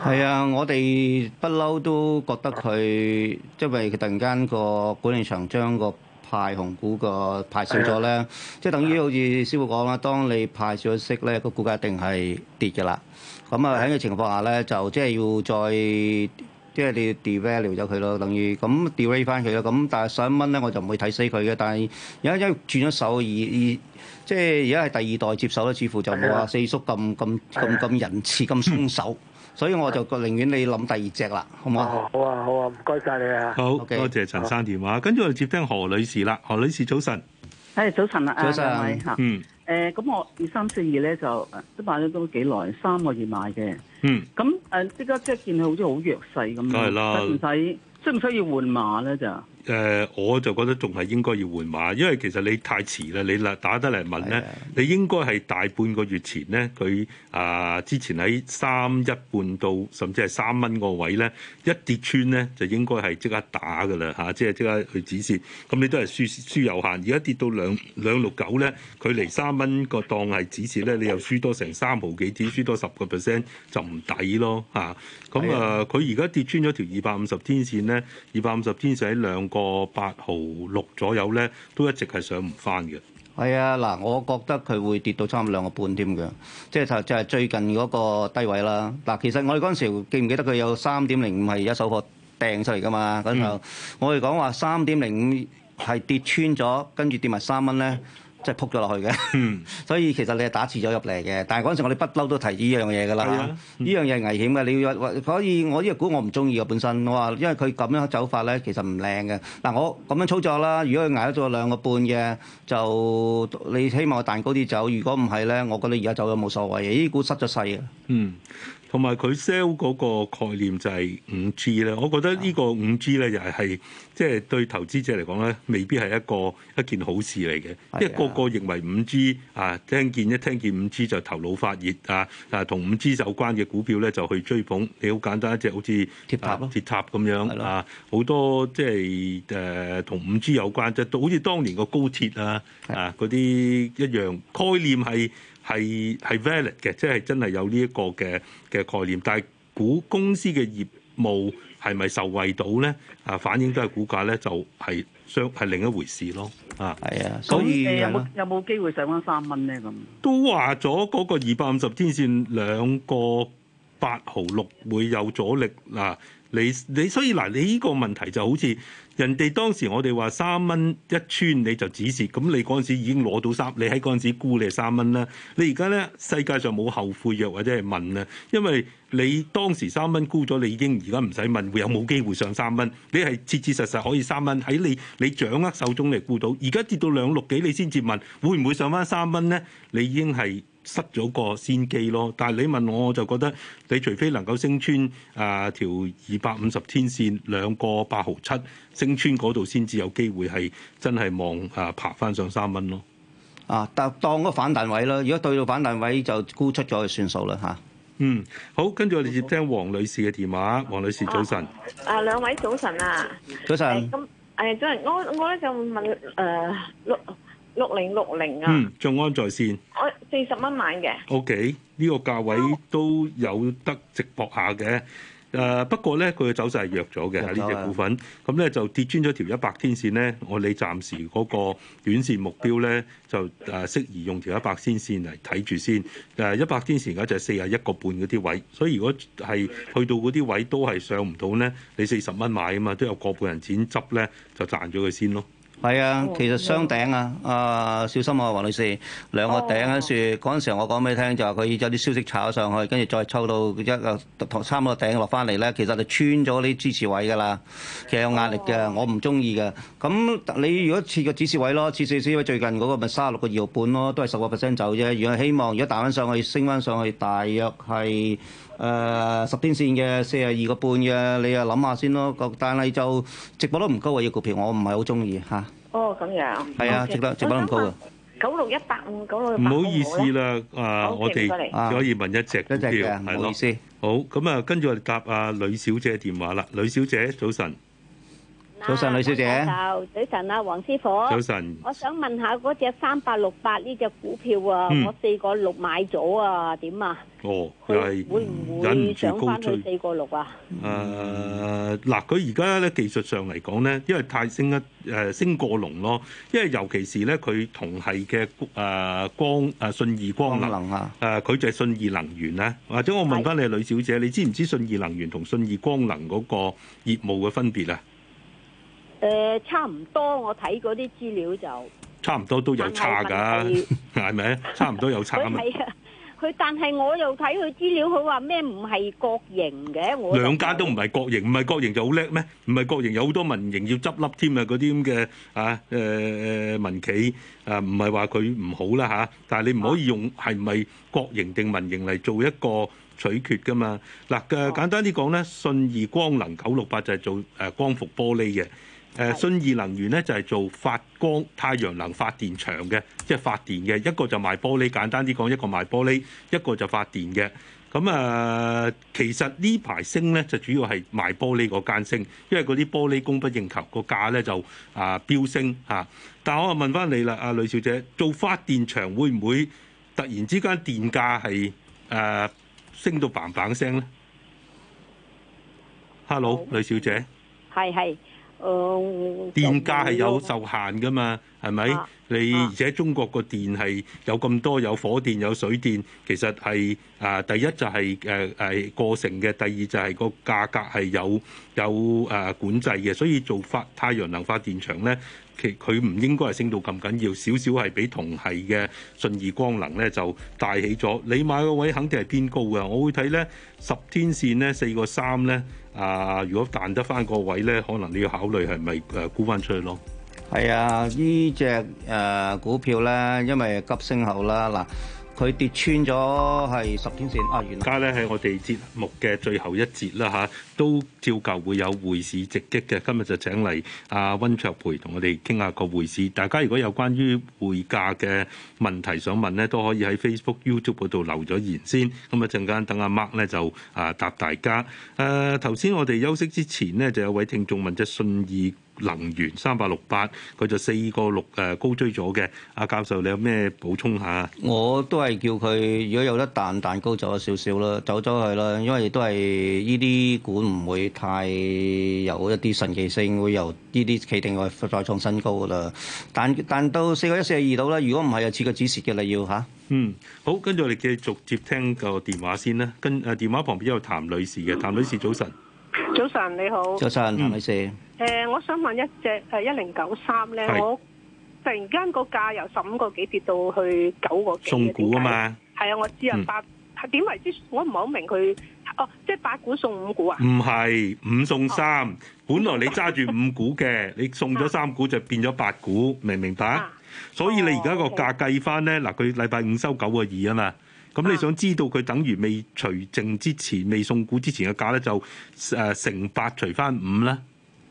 係啊，我哋不嬲都覺得佢，因為佢突然間個管理層將個派紅股個派少咗咧，即係，啊、等於好似師傅講啦，當你派少咗息咧，個股價一定係跌㗎喇。咁啊喺個情況下咧，就即係要再。即係你要 develop 咗佢咯，等於咁 develop 翻佢啦。咁但係十一蚊咧，我就唔會睇死佢嘅。但係而家因為轉咗手，而而即係而家係第二代接手咧，似乎就冇話四叔咁咁咁咁仁慈咁的鬆手，所以我就寧願你諗第二隻啦，好唔好？好啊好啊，唔該晒你啊！好多 Okay, 好謝，謝陳生電話，跟住我哋接聽何女士啦。何女士早晨。哎，早晨啦，阿米，嚇，誒，咁我二三四二咧就都買咗都幾耐，三個月買嘅，咁誒、嗯，而家、呃、即係見佢好似好弱勢咁，使唔使需唔需要換馬咧就？誒，我就覺得仲係應該要換馬，因為其實你太遲啦，你啦打得嚟問咧，你應該係大半個月前咧，佢啊之前喺三一半度甚至係三蚊個位咧，一跌穿咧就應該係即刻打噶啦嚇，即係即刻去止蝕。咁你都係輸輸有限，而家跌到兩兩六九咧，距離三蚊個檔係止蝕咧，你又輸多成三毫幾點，輸多十個 percent 就唔抵咯嚇。咁啊，佢而家跌穿咗條二百五十天線咧，二百五十天線喺兩個，個八毫六左右咧，都一直係上唔翻嘅。係啊，嗱，我覺得佢會跌到差唔多兩個半添嘅，即係就就係、係最近嗰個低位啦。嗱，其實我哋嗰陣時記唔記得佢有三點零五係一手貨掟出嚟㗎嘛？咁就、嗯、我哋講話三點零五係跌穿咗，跟住跌埋三蚊咧。即係撲咗落去嘅，所以其實你係打遲咗入嚟嘅。但係嗰陣我哋不嬲都提呢樣嘢㗎啦。呢樣嘢係危險嘅，你要，所以我呢個股我唔中意嘅本身。我話因為佢咁樣走法咧，其實唔靚嘅。嗱，我咁樣操作啦。如果佢捱咗兩個半嘅，就你希望我彈高啲走。如果唔係咧，我覺得你而家走咗冇所謂。呢股失咗勢啊。嗯。 同埋佢 sell 嗰個概念就係五 G 咧，我覺得呢個五 G 咧又係係即係對投資者嚟講咧，未必係一個一件好事嚟嘅，的因為個個認為五 G 啊，聽見一聽見五 G 就頭腦發熱啊，啊，同五 G 有關嘅股票咧就去追捧。你好簡單一隻、即係、好似鐵塔咯，鐵塔咁樣啊，好的、啊、多即係誒同五 G 有關，即係好似當年個高鐵啊啊嗰啲一樣概念係。係係 valid 嘅，即係真係有呢一個嘅嘅概念。但係股公司嘅業務係咪受惠到咧？啊，反映都係股價咧，就係、是、相係另一回事咯。啊，係啊，所以誒、呃啊、有冇有冇機會上翻三蚊咧？咁都話咗嗰個二百五十天線兩個八毫六會有阻力嗱、啊。你你所以嗱、啊，你呢個問題就好似。人哋當時我哋話三蚊一穿你就止蝕。咁你嗰陣時已經攞到三，你喺嗰陣沽你係三蚊啦。你而家咧，世界上冇後悔藥或者係問啊，因為你當時三蚊沽咗，你已經而家唔使問會有冇機會上三蚊。你係切切實實可以三蚊喺你你掌握手中嚟沽到，而家跌到兩六幾你先至問會唔會上翻三蚊咧？你已經係。失咗個先機咯，但係你問我，我就覺得你除非能夠升穿啊條二百五十天線兩個八毫七，升穿嗰度先至有機會係真係望啊爬翻上三蚊咯。啊，但當嗰個反彈位啦，如果對到反彈位就沽出咗就算數啦吓、啊、嗯，好，跟住我哋接聽黃女士嘅電話。黃女士早晨。啊，兩位早晨啊。早晨。咁誒、哎，早晨、哎，我我咧就問誒。呃呃六零六零啊！嗯，眾安在線。我四十蚊買嘅。O K，呢個價位都有得值博下嘅。誒，不過咧，佢嘅走勢弱咗嘅，呢隻股份。咁咧就跌穿咗條一百天線咧。我哋暫時嗰個短線目標咧，就誒適宜用條一百天線嚟睇住先。誒，一百天線而家就係四十一個半嗰啲位，所以如果係去到嗰啲位都係上唔到咧，你四十蚊買啊嘛，都有個半人錢執咧，就賺咗佢先咯。係啊，其實雙頂啊，啊小心啊，黃女士兩個頂喺住。嗰陣、oh. 時候我講俾你聽，就話佢有啲消息炒上去，跟住再抽到一個差唔多頂落翻嚟咧，其實就穿咗啲支持位㗎啦。其實有壓力嘅，oh. 我唔中意嘅。咁你如果設個止蝕位咯，設止蝕位最近嗰個咪三十六個二毫半咯，都係十個 percent 走啫。如果希望如果彈翻上去，升翻上去，大約係。誒十天線嘅四十二個半嘅，你又諗下先咯。但係就值博都唔高啊，要個票我唔係好鍾意嚇。哦，咁樣係啊，值博，值博都唔高啊。九六一百五，九六。唔好意思啦，啊，我哋可以問一隻股票，唔好意思。好，咁啊，跟住我哋答啊，呂小姐電話啦，呂小姐早晨。早晨，女小姐。早晨啊，黃師傅。早晨上，我想問下嗰隻三八六八呢隻股票，嗯、啊，我四個六買咗啊，點啊？嗯？哦、嗯，佢係會唔會漲翻去四個六啊？誒、呃，嗱，佢而家咧技術上嚟講咧，因為太升一誒、呃、升過龍咯，因為尤其是咧佢同係嘅誒光誒、呃、信義光能，光能啊，誒佢、呃、就係信義能源咧，或者我問翻你，女小姐，你知唔知信義能源同信義光能嗰個業務嘅分別啊？誒差唔多，我睇嗰啲資料就差唔多都有差㗎，係咪？差唔多有差。佢係啊，佢但係我又睇佢資料，佢話咩唔係國營嘅，我兩間都唔係國營，唔係國營就好叻咩？唔係國營有好多民營要執笠添啊！嗰啲咁嘅啊誒誒民企啊，唔係話佢唔好啦吓，但係你唔可以用係唔係國營定民營嚟做一個取決㗎嘛？嗱嘅簡單啲講咧，信義光能九六八就係做誒光伏玻璃嘅。誒信義能源咧就係做發光太陽能發電場嘅，即係發電嘅一個就賣玻璃，簡單啲講，一個賣玻璃，一個就發電嘅。咁啊，其實呢排升咧就主要係賣玻璃嗰間升，因為嗰啲玻璃供不應求，個價咧就啊飆升嚇。但係我又問翻你啦，啊，呂小姐，做發電場會唔會突然之間電價係誒升到嘭嘭聲咧？Hello，呂小姐，係係。誒，電價係有受限噶嘛，係咪？啊、你而且中國個電係有咁多，有火電有水電，其實係誒第一就係誒誒過剩嘅，第二就係個價格係有有誒、呃、管制嘅，所以做發太陽能發電場咧。佢佢唔應該係升到咁緊要，少少係比同係嘅信義光能咧就帶起咗。你買個位肯定係偏高嘅，我會睇咧十天線咧四個三咧啊！如果彈得翻個位咧，可能你要考慮係咪誒沽翻出去咯？係啊，呢隻誒、呃、股票咧，因為急升後啦嗱。佢跌穿咗係十天線啊！而家咧喺我哋節目嘅最後一節啦嚇，都照舊會有匯市直擊嘅。今日就請嚟阿溫卓培同我哋傾下個匯市。大家如果有關於匯價嘅問題想問呢，都可以喺 Facebook、YouTube 嗰度留咗言先。咁啊，陣間等阿 Mark 咧就啊答大家。誒頭先我哋休息之前呢，就有位聽眾問隻信義。能源三百六八，佢就四個六誒高追咗嘅。阿、啊、教授，你有咩補充下？我都係叫佢如果有得彈彈高咗少少啦，走咗去啦。因為都係依啲股唔會太有一啲神奇性，會由呢啲企定再創新高噶啦。但但到 4. 1, 4. 2, 四個一四廿二度啦，如果唔係又似個止蝕嘅啦，要嚇。嗯，好，跟住我哋繼續接聽個電話先啦。跟誒、啊、電話旁邊有譚女士嘅，譚女士早晨。早晨你好，早晨係咪先？誒、嗯呃，我想問一隻誒一零九三咧，呢是我突然間個價由十五個幾跌到去九個幾，送股啊嘛？係、嗯、啊，我知啊，八係點為之？我唔係好明佢哦，即係八股送五股啊？唔係五送三，哦、本來你揸住五股嘅， 你送咗三股就變咗八股，明唔明白？啊、所以你而家個價計翻咧，嗱，佢禮拜五收九個二啊嘛。咁你想知道佢等於未除淨之前、未送股之前嘅價咧，就誒乘八除翻五啦。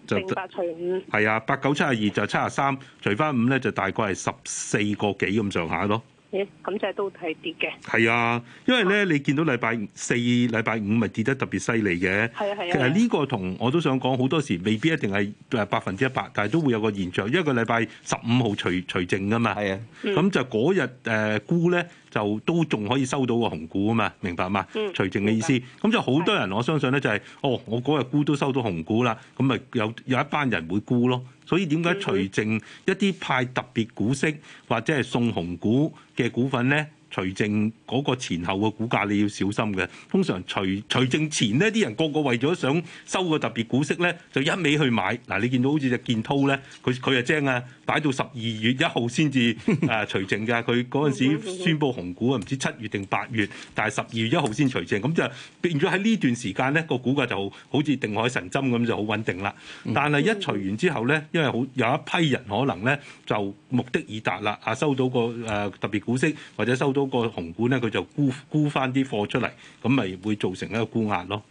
乘八除五。係啊，八九七十二就七十三，除翻五咧就大概係十四個幾咁上下咯。誒、哎，咁就係都係跌嘅。係啊，因為咧你見到禮拜四、禮拜五咪跌得特別犀利嘅。係啊係啊。啊其實呢個同我都想講好多時未必一定係誒百分之一百，但係都會有個現象，一個禮拜十五號除除淨噶嘛。係啊。咁、嗯、就嗰日誒沽咧。呃呃呃呃呃呃呃呃就都仲可以收到個紅股啊嘛，明白嘛？嗯、除淨嘅意思，咁白就好多人我相信呢就係、是、是的 哦，我嗰日沽都收到紅股啦，咁咪有有一班人會沽咯。所以點解除淨一啲派特別股息或者係送紅股嘅股份呢？除正嗰個前後嘅股價，你要小心嘅，通常除除正前呢啲人，人個個為咗想收個特別股息咧，就一味去買。嗱，你見到好似隻建滔咧，佢佢啊精啊，擺到十二月一號先至啊除正㗎。佢嗰陣時宣佈紅股啊，唔知七月定八月，但係十二月一號先除正，咁就變咗喺呢段時間咧，個股價就好似定海神針咁就好穩定啦。但係一除完之後咧，因為好有一批人可能咧就目的已達啦，啊收到個誒特別股息或者收。多個紅股咧，佢就沽沽翻啲貨出嚟，咁咪會造成一個沽壓咯。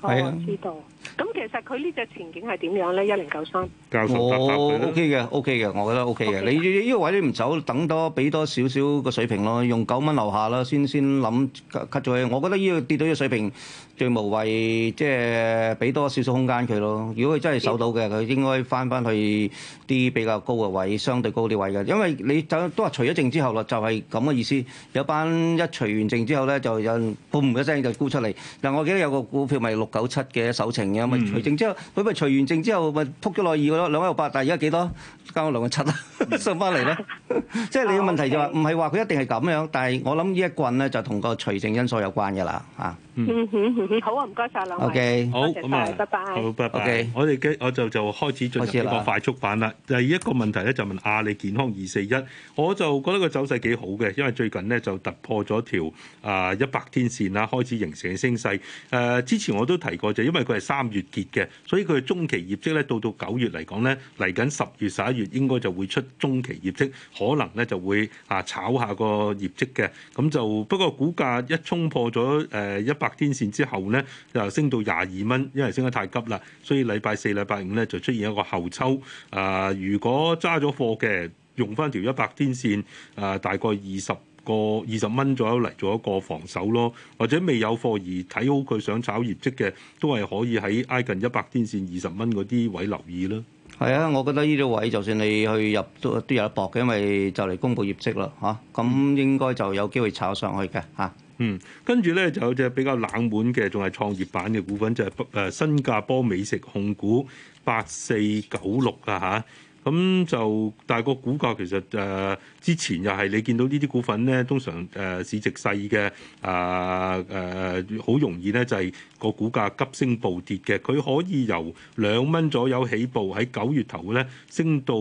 係啊、哦，我知道。咁其實佢呢隻前景係點樣咧？一零九三，教授答答答，我、oh, OK 嘅，OK 嘅，我覺得 OK 嘅。Okay 的你呢個位你唔走，等多俾多少少個水平咯，用九蚊樓下啦，先先諗 cut 咗我覺得呢個跌到依個水平。最無謂，即係俾多少少空間佢咯。如果佢真係守到嘅，佢應該翻翻去啲比較高嘅位，相對高啲位嘅，因為你就都話除咗淨之後咯，就係咁嘅意思。有班一除完淨之後咧，就有人嘣嘅聲就沽出嚟。嗱，我記得有個股票咪六九七嘅首程嘅，咪、嗯、除淨之後，佢咪除完淨之後咪撲咗落二個咯，兩六八，8, 但係而家幾多？交咗兩個七啦，上翻嚟咧。 即係你嘅問題就話唔係話佢一定係咁樣，但係我諗呢一棍咧就同個除淨因素有關嘅啦，啊！嗯哼，好啊，唔該曬，林 華樂，好拜拜，好拜拜，我哋嘅我就我就，就開始進入一個快速版啦。第二一個問題咧就問阿里、啊、健康二四一，我就覺得個走勢幾好嘅，因為最近咧就突破咗條啊一百天線啦，開始形成升勢。誒、呃，之前我都提過就是、因為佢係三月結嘅，所以佢嘅中期業績咧到到九月嚟講咧嚟緊十月十一月應該就會出中期業績，可能咧就會啊炒下個業績嘅。咁就不過股價一衝破咗誒一百天線之後咧，就升到廿二蚊，因為升得太急啦，所以禮拜四、禮拜五咧就出現一個後抽。啊、呃，如果揸咗貨嘅，用翻條一百天線，啊、呃，大概二十個二十蚊左右嚟做一個防守咯，或者未有貨而睇好佢想炒業績嘅，都係可以喺挨近一百天線二十蚊嗰啲位留意啦。係啊，我覺得呢啲位就算你去入都都,都有得搏嘅，因為就嚟公布業績啦，嚇、啊，咁應該就有機會炒上去嘅，嚇、啊。嗯，跟住咧就有隻比較冷門嘅，仲係創業板嘅股份，就係、是、誒新加坡美食控股八四九六啊嚇，咁就但係個股價其實誒、呃、之前又係你見到呢啲股份咧，通常誒、呃、市值細嘅啊誒好容易咧就係個股價急升暴跌嘅，佢可以由兩蚊左右起步，喺九月頭咧升到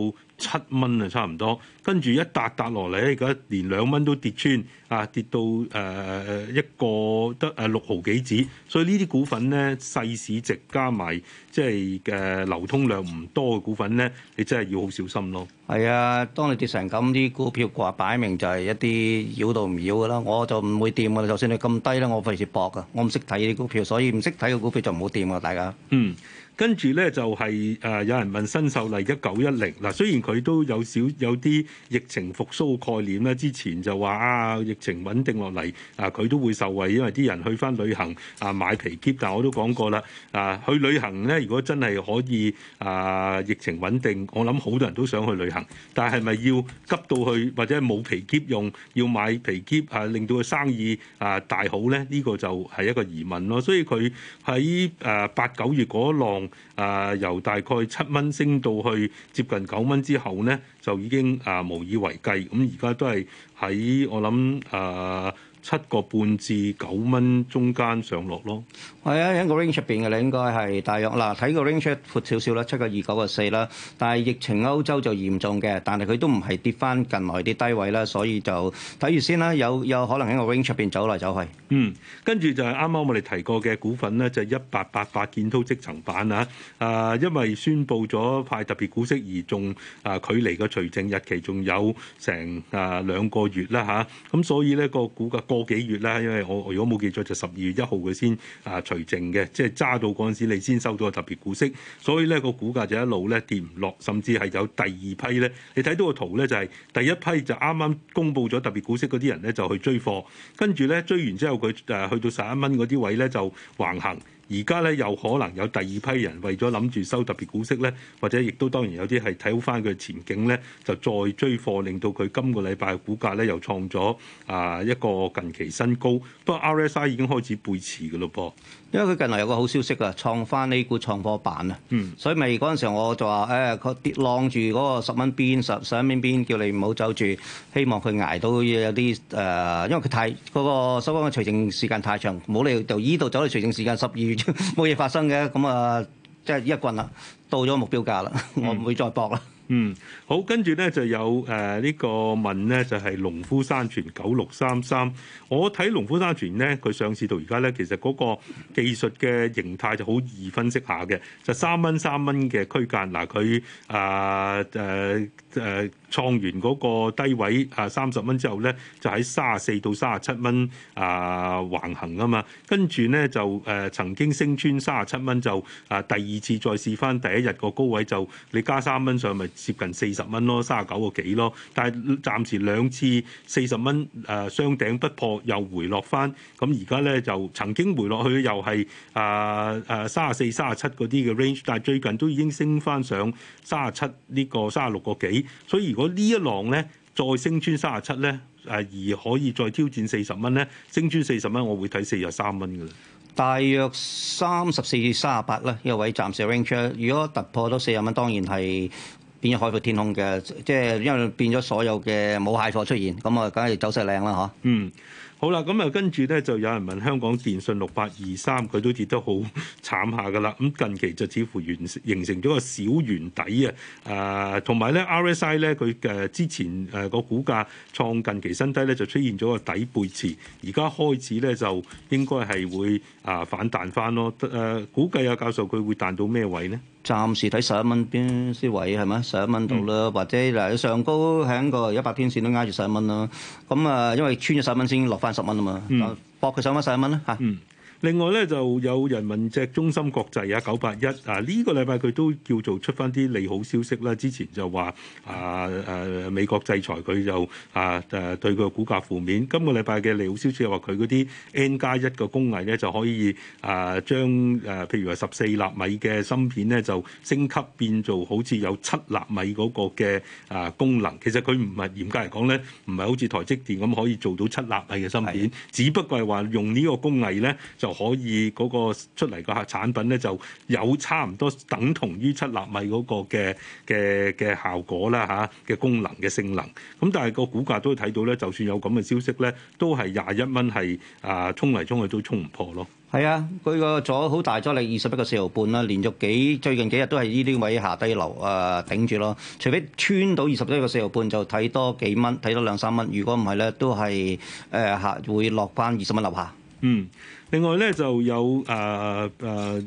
七蚊啊，差唔多，跟住一沓沓落嚟咧，而家連兩蚊都跌穿啊，跌到誒、呃、一個得誒六毫幾紙，所以呢啲股份咧，細市值加埋即係嘅、呃、流通量唔多嘅股份咧，你真係要好小心咯。係啊，當你跌成咁，啲股票話擺明就係一啲繞到唔繞嘅啦。我就唔會掂嘅啦，就算你咁低啦，我費事搏嘅，我唔識睇啲股票，所以唔識睇嘅股票就唔好掂啊，大家。嗯。跟住咧就係誒有人問新秀麗一九一零嗱，雖然佢都有少有啲疫情復甦概念咧，之前就話啊疫情穩定落嚟啊，佢都會受惠，因為啲人去返旅行啊買皮篋，但係我都講過啦，啊去旅行咧，如果真係可以啊疫情穩定，我諗好多人都想去旅行，但係咪要急到去或者冇皮篋用要買皮篋啊令到個生意啊大好咧？呢個就係一個疑問咯。所以佢喺誒八九月嗰浪。啊、呃，由大概七蚊升到去接近九蚊之後咧，就已經啊、呃、無以為繼。咁而家都係喺我諗。啊、呃。七個半至九蚊中間上落咯、嗯，係、呃、啊，喺個 range 入邊嘅你應該係大約嗱，睇個 range 出闊少少啦，七個二九個四啦。但係疫情歐洲就嚴重嘅，但係佢都唔係跌翻近來啲低位啦，所以就睇住先啦。有有可能喺個 range 入邊走嚟走去。嗯，跟住就係啱啱我哋提過嘅股份呢，就係一八八八建滔積層板啊。啊，因為宣布咗派特別股息而仲啊距離個除淨日期仲有成啊兩個月啦吓，咁、啊、所以呢、這個股價。個幾月啦，因為我如果冇記錯，就十二月一號佢先啊除淨嘅，即係揸到嗰陣時，你先收到個特別股息，所以咧個股價就一路咧跌唔落，甚至係有第二批咧，你睇到個圖咧就係第一批就啱啱公布咗特別股息嗰啲人咧就去追貨，跟住咧追完之後佢誒去到十一蚊嗰啲位咧就橫行。而家咧又可能有第二批人為咗諗住收特別股息咧，或者亦都當然有啲係睇好翻佢前景咧，就再追貨，令到佢今個禮拜股價咧又創咗啊一個近期新高。不過 RSI 已經開始背馳嘅咯噃，因為佢近嚟有個好消息㗎，創翻呢股創貨板啊，嗯、所以咪嗰陣時我就話誒佢跌浪住嗰個十蚊邊十十蚊邊邊，邊叫你唔好走住，希望佢捱到有啲誒、呃，因為佢太嗰個收緊嘅除淨時間太長，冇理由就依度走嚟除淨時間十二。冇嘢 發生嘅，咁啊，即係一棍啦，到咗目標價啦，嗯、 我唔會再搏啦。嗯，好，跟住咧就有誒呢、呃這個問咧，就係、係、農夫山泉九六三三。我睇農夫山泉咧，佢上市到而家咧，其實嗰個技術嘅形態就好易分析下嘅，就三蚊三蚊嘅區間嗱，佢啊誒。呃呃誒創完嗰個低位啊三十蚊之後咧，就喺卅四到卅七蚊啊橫行啊嘛，跟住咧就誒、呃、曾經升穿卅七蚊就啊、呃、第二次再試翻第一日個高位就你加三蚊上咪接近四十蚊咯，卅九個幾咯，但係暫時兩次四十蚊誒雙頂不破又回落翻，咁而家咧就曾經回落去又係啊啊卅四卅七嗰啲嘅 range，但係最近都已經升翻上卅七呢個卅六個幾。所以如果呢一浪咧再升穿三十七咧，誒而可以再挑戰四十蚊咧，升穿四十蚊，我會睇四十三蚊噶啦，大約三十四至三十八啦，呢個位暫時 range。如果突破到四十蚊，當然係變咗海闊天空嘅，即係因為變咗所有嘅冇蟹貨出現，咁啊梗係走勢靚啦嚇。嗯。好啦，咁啊跟住咧就有人問香港電訊六八二三，佢都跌得好慘下噶啦。咁近期就似乎完形成咗個小圓底啊。啊、呃，同埋咧 RSI 咧，佢誒、SI、之前誒個股價創近期新低咧，就出現咗個底背馳，而家開始咧就應該係會。啊，反彈翻咯，誒、呃，估計啊，教授佢會彈到咩位咧？暫時睇十一蚊邊啲位係咪？十一蚊度啦，嗯、或者嗱，上高喺個一百天線都挨住十一蚊啦。咁啊，因為穿咗十一蚊先落翻十蚊啊嘛。嗯，搏佢十一蚊，十一蚊啦嚇。嗯。另外咧就有人問隻中芯國際1，啊九八一啊，呢個禮拜佢都叫做出翻啲利好消息啦。之前就話啊誒、啊、美國制裁佢就啊誒、啊、對佢個股價負面。今個禮拜嘅利好消息係話佢嗰啲 N 加一嘅工藝咧就可以啊將誒、啊、譬如話十四納米嘅芯片咧就升級變做好似有七納米嗰個嘅啊功能。其實佢唔係嚴格嚟講咧，唔係好似台積電咁可以做到七納米嘅芯片，是的 只不過係話用呢個工藝咧就。可以嗰個出嚟個產品咧，就有差唔多等同於七納米嗰個嘅嘅嘅效果啦嚇，嘅、啊、功能嘅性能。咁但係個股價都睇到咧，就算有咁嘅消息咧，都係廿一蚊係啊，衝嚟衝去都衝唔破咯。係啊，佢個咗好大阻力，二十一個四毫半啦，連續幾最近幾日都係呢啲位下低流啊、呃，頂住咯。除非穿到二十一個四毫半，就睇多幾蚊，睇多兩三蚊。如果唔係咧，都係誒下會落翻二十蚊樓下。嗯。另外咧就有誒誒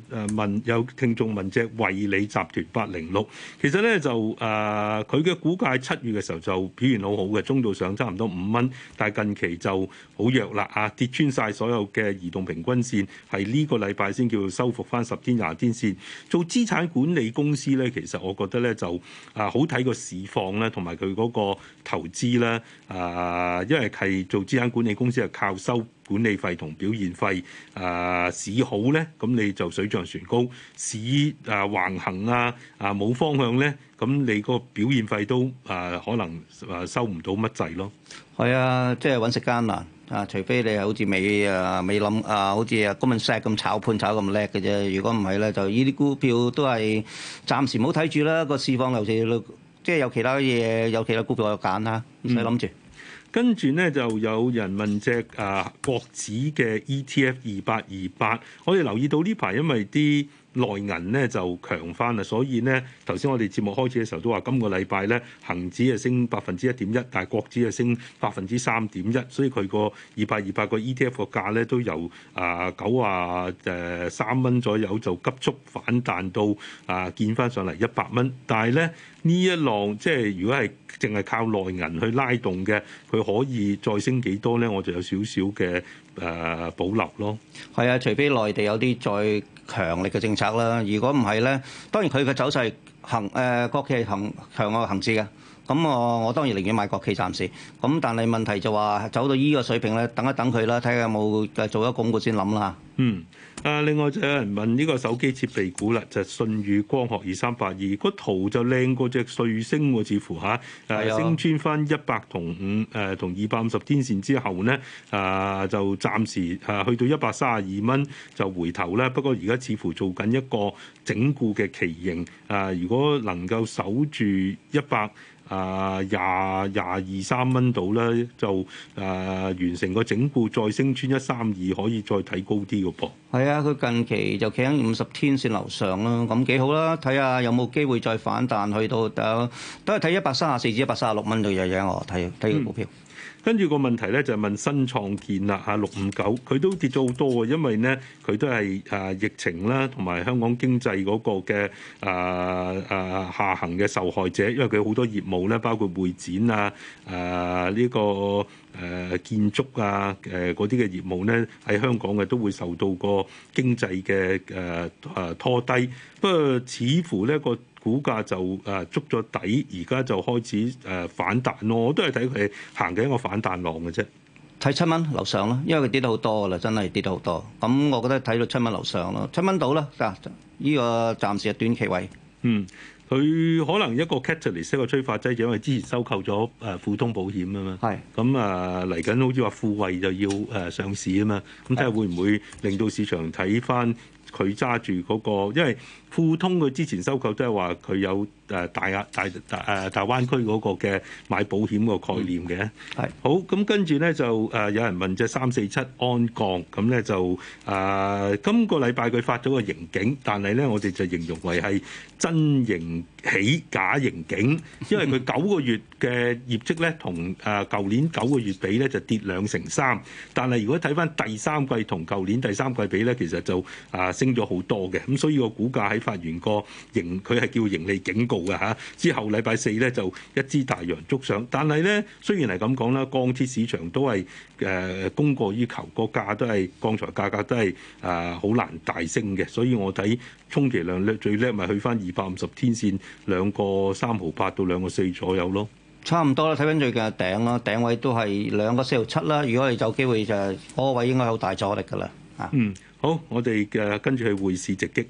誒問，有聽眾問隻惠理集團八零六，其實咧就誒佢嘅股價七月嘅時候就表現好好嘅，中度上差唔多五蚊，但係近期就好弱啦，啊跌穿晒所有嘅移動平均線，係呢個禮拜先叫收復返十天廿天線。做資產管理公司咧，其實我覺得咧就啊好睇個市況咧，同埋佢嗰個投資啦，啊因為係做資產管理公司係靠收管理費同表現費。啊市好咧，咁你就水漲船高；市啊橫行啊啊冇方向咧，咁你個表現費都啊可能啊收唔到乜滯咯。係啊，即係揾食艱難啊！除非你係好似美啊美林啊，好似啊 Goldman Sachs 咁炒盤炒咁叻嘅啫。如果唔係咧，就依啲股票都係暫時唔好睇住啦。個市況尤其是即係有其他嘢，有其他股票有揀啦，唔使諗住。跟住咧就有人問隻啊國指嘅 ETF 二八二八，我哋留意到呢排因為啲內銀咧就強翻啦，所以咧頭先我哋節目開始嘅時候都話，今個禮拜咧恒指係升百分之一點一，但係國指係升百分之三點一，所以佢個二百二百個 ETF 個價咧都由啊九啊誒三蚊左右就急速反彈到啊見翻上嚟一百蚊，但係咧呢一浪即係如果係淨係靠內銀去拉動嘅，佢可以再升幾多咧？我就有少少嘅。誒、呃、保留咯，係啊！除非內地有啲再強力嘅政策啦，如果唔係咧，當然佢嘅走勢行誒國企行強嘅行事嘅，咁我我當然寧願買國企暫時，咁但係問題就話走到依個水平咧，等一等佢啦，睇下有冇誒做咗公告先諗啦。嗯。啊！另外就有人問呢個手機設備股啦，就係、信宇光學二三八二個圖就靚過隻瑞星喎，似乎吓，誒、啊、升穿翻一百同五誒同二百五十天線之後咧，啊就暫時啊去到一百三十二蚊就回頭咧。不過而家似乎做緊一個整固嘅旗形啊！如果能夠守住一百。啊，廿廿二三蚊度咧，就、uh, 誒完成整個整固，再升穿一三二，可以再睇高啲嘅噃。係啊，佢近期就企喺五十天線樓上啦，咁幾好啦。睇下有冇機會再反彈去到，都都係睇一百三十四至一百三十六蚊度。又喺我睇睇嘅股票。跟住個問題咧，就係、問新創建啦嚇六五九，佢都跌咗好多嘅，因為咧佢都係誒、呃、疫情啦，同埋香港經濟嗰個嘅誒誒下行嘅受害者，因為佢好多業務咧，包括會展、呃這個呃、啊、誒呢個誒建築啊、誒嗰啲嘅業務咧，喺香港嘅都會受到個經濟嘅誒誒拖低。不過似乎咧個。股價就誒捉咗底，而家就開始誒、呃、反彈咯。我都係睇佢行緊一個反彈浪嘅啫。睇七蚊樓上咯，因為佢跌得好多噶啦，真係跌得好多。咁我覺得睇到七蚊樓上咯，七蚊到啦。嗱、啊，依、呢個暫時短期位。嗯，佢可能一個 catalyst 一個催化劑，因為之前收購咗誒富通保險啊嘛。係是。咁啊嚟緊，呃、好似話富衛就要誒、呃、上市啊嘛。咁睇下會唔會令到市場睇翻佢揸住嗰個，因為。富通佢之前收購都係話佢有誒大亞大誒大灣區嗰個嘅買保險個概念嘅，係好咁跟住咧就誒有人問隻三四七鞍鋼咁咧就誒今個禮拜佢發咗個盈警，但係咧我哋就形容為係真盈喜假盈警，因為佢九個月嘅業績咧同誒舊年九個月比咧就跌兩成三，但係如果睇翻第三季同舊年第三季比咧，其實就啊升咗好多嘅，咁所以個股價喺發完個盈，佢係叫盈利警告㗎吓。之後禮拜四咧就一支大洋捉上，但係咧雖然係咁講啦，鋼鐵市場都係誒供過於求，個價都係鋼材價格都係啊好難大升嘅，所以我睇充其量咧最叻咪去翻二百五十天線兩個三毫八到兩個四左右咯，差唔多啦。睇緊最近嘅頂啦，頂位都係兩個四毫七啦。如果係有機會就係嗰個位應該好大阻力噶啦。嗯，好，我哋嘅跟住去匯市直擊。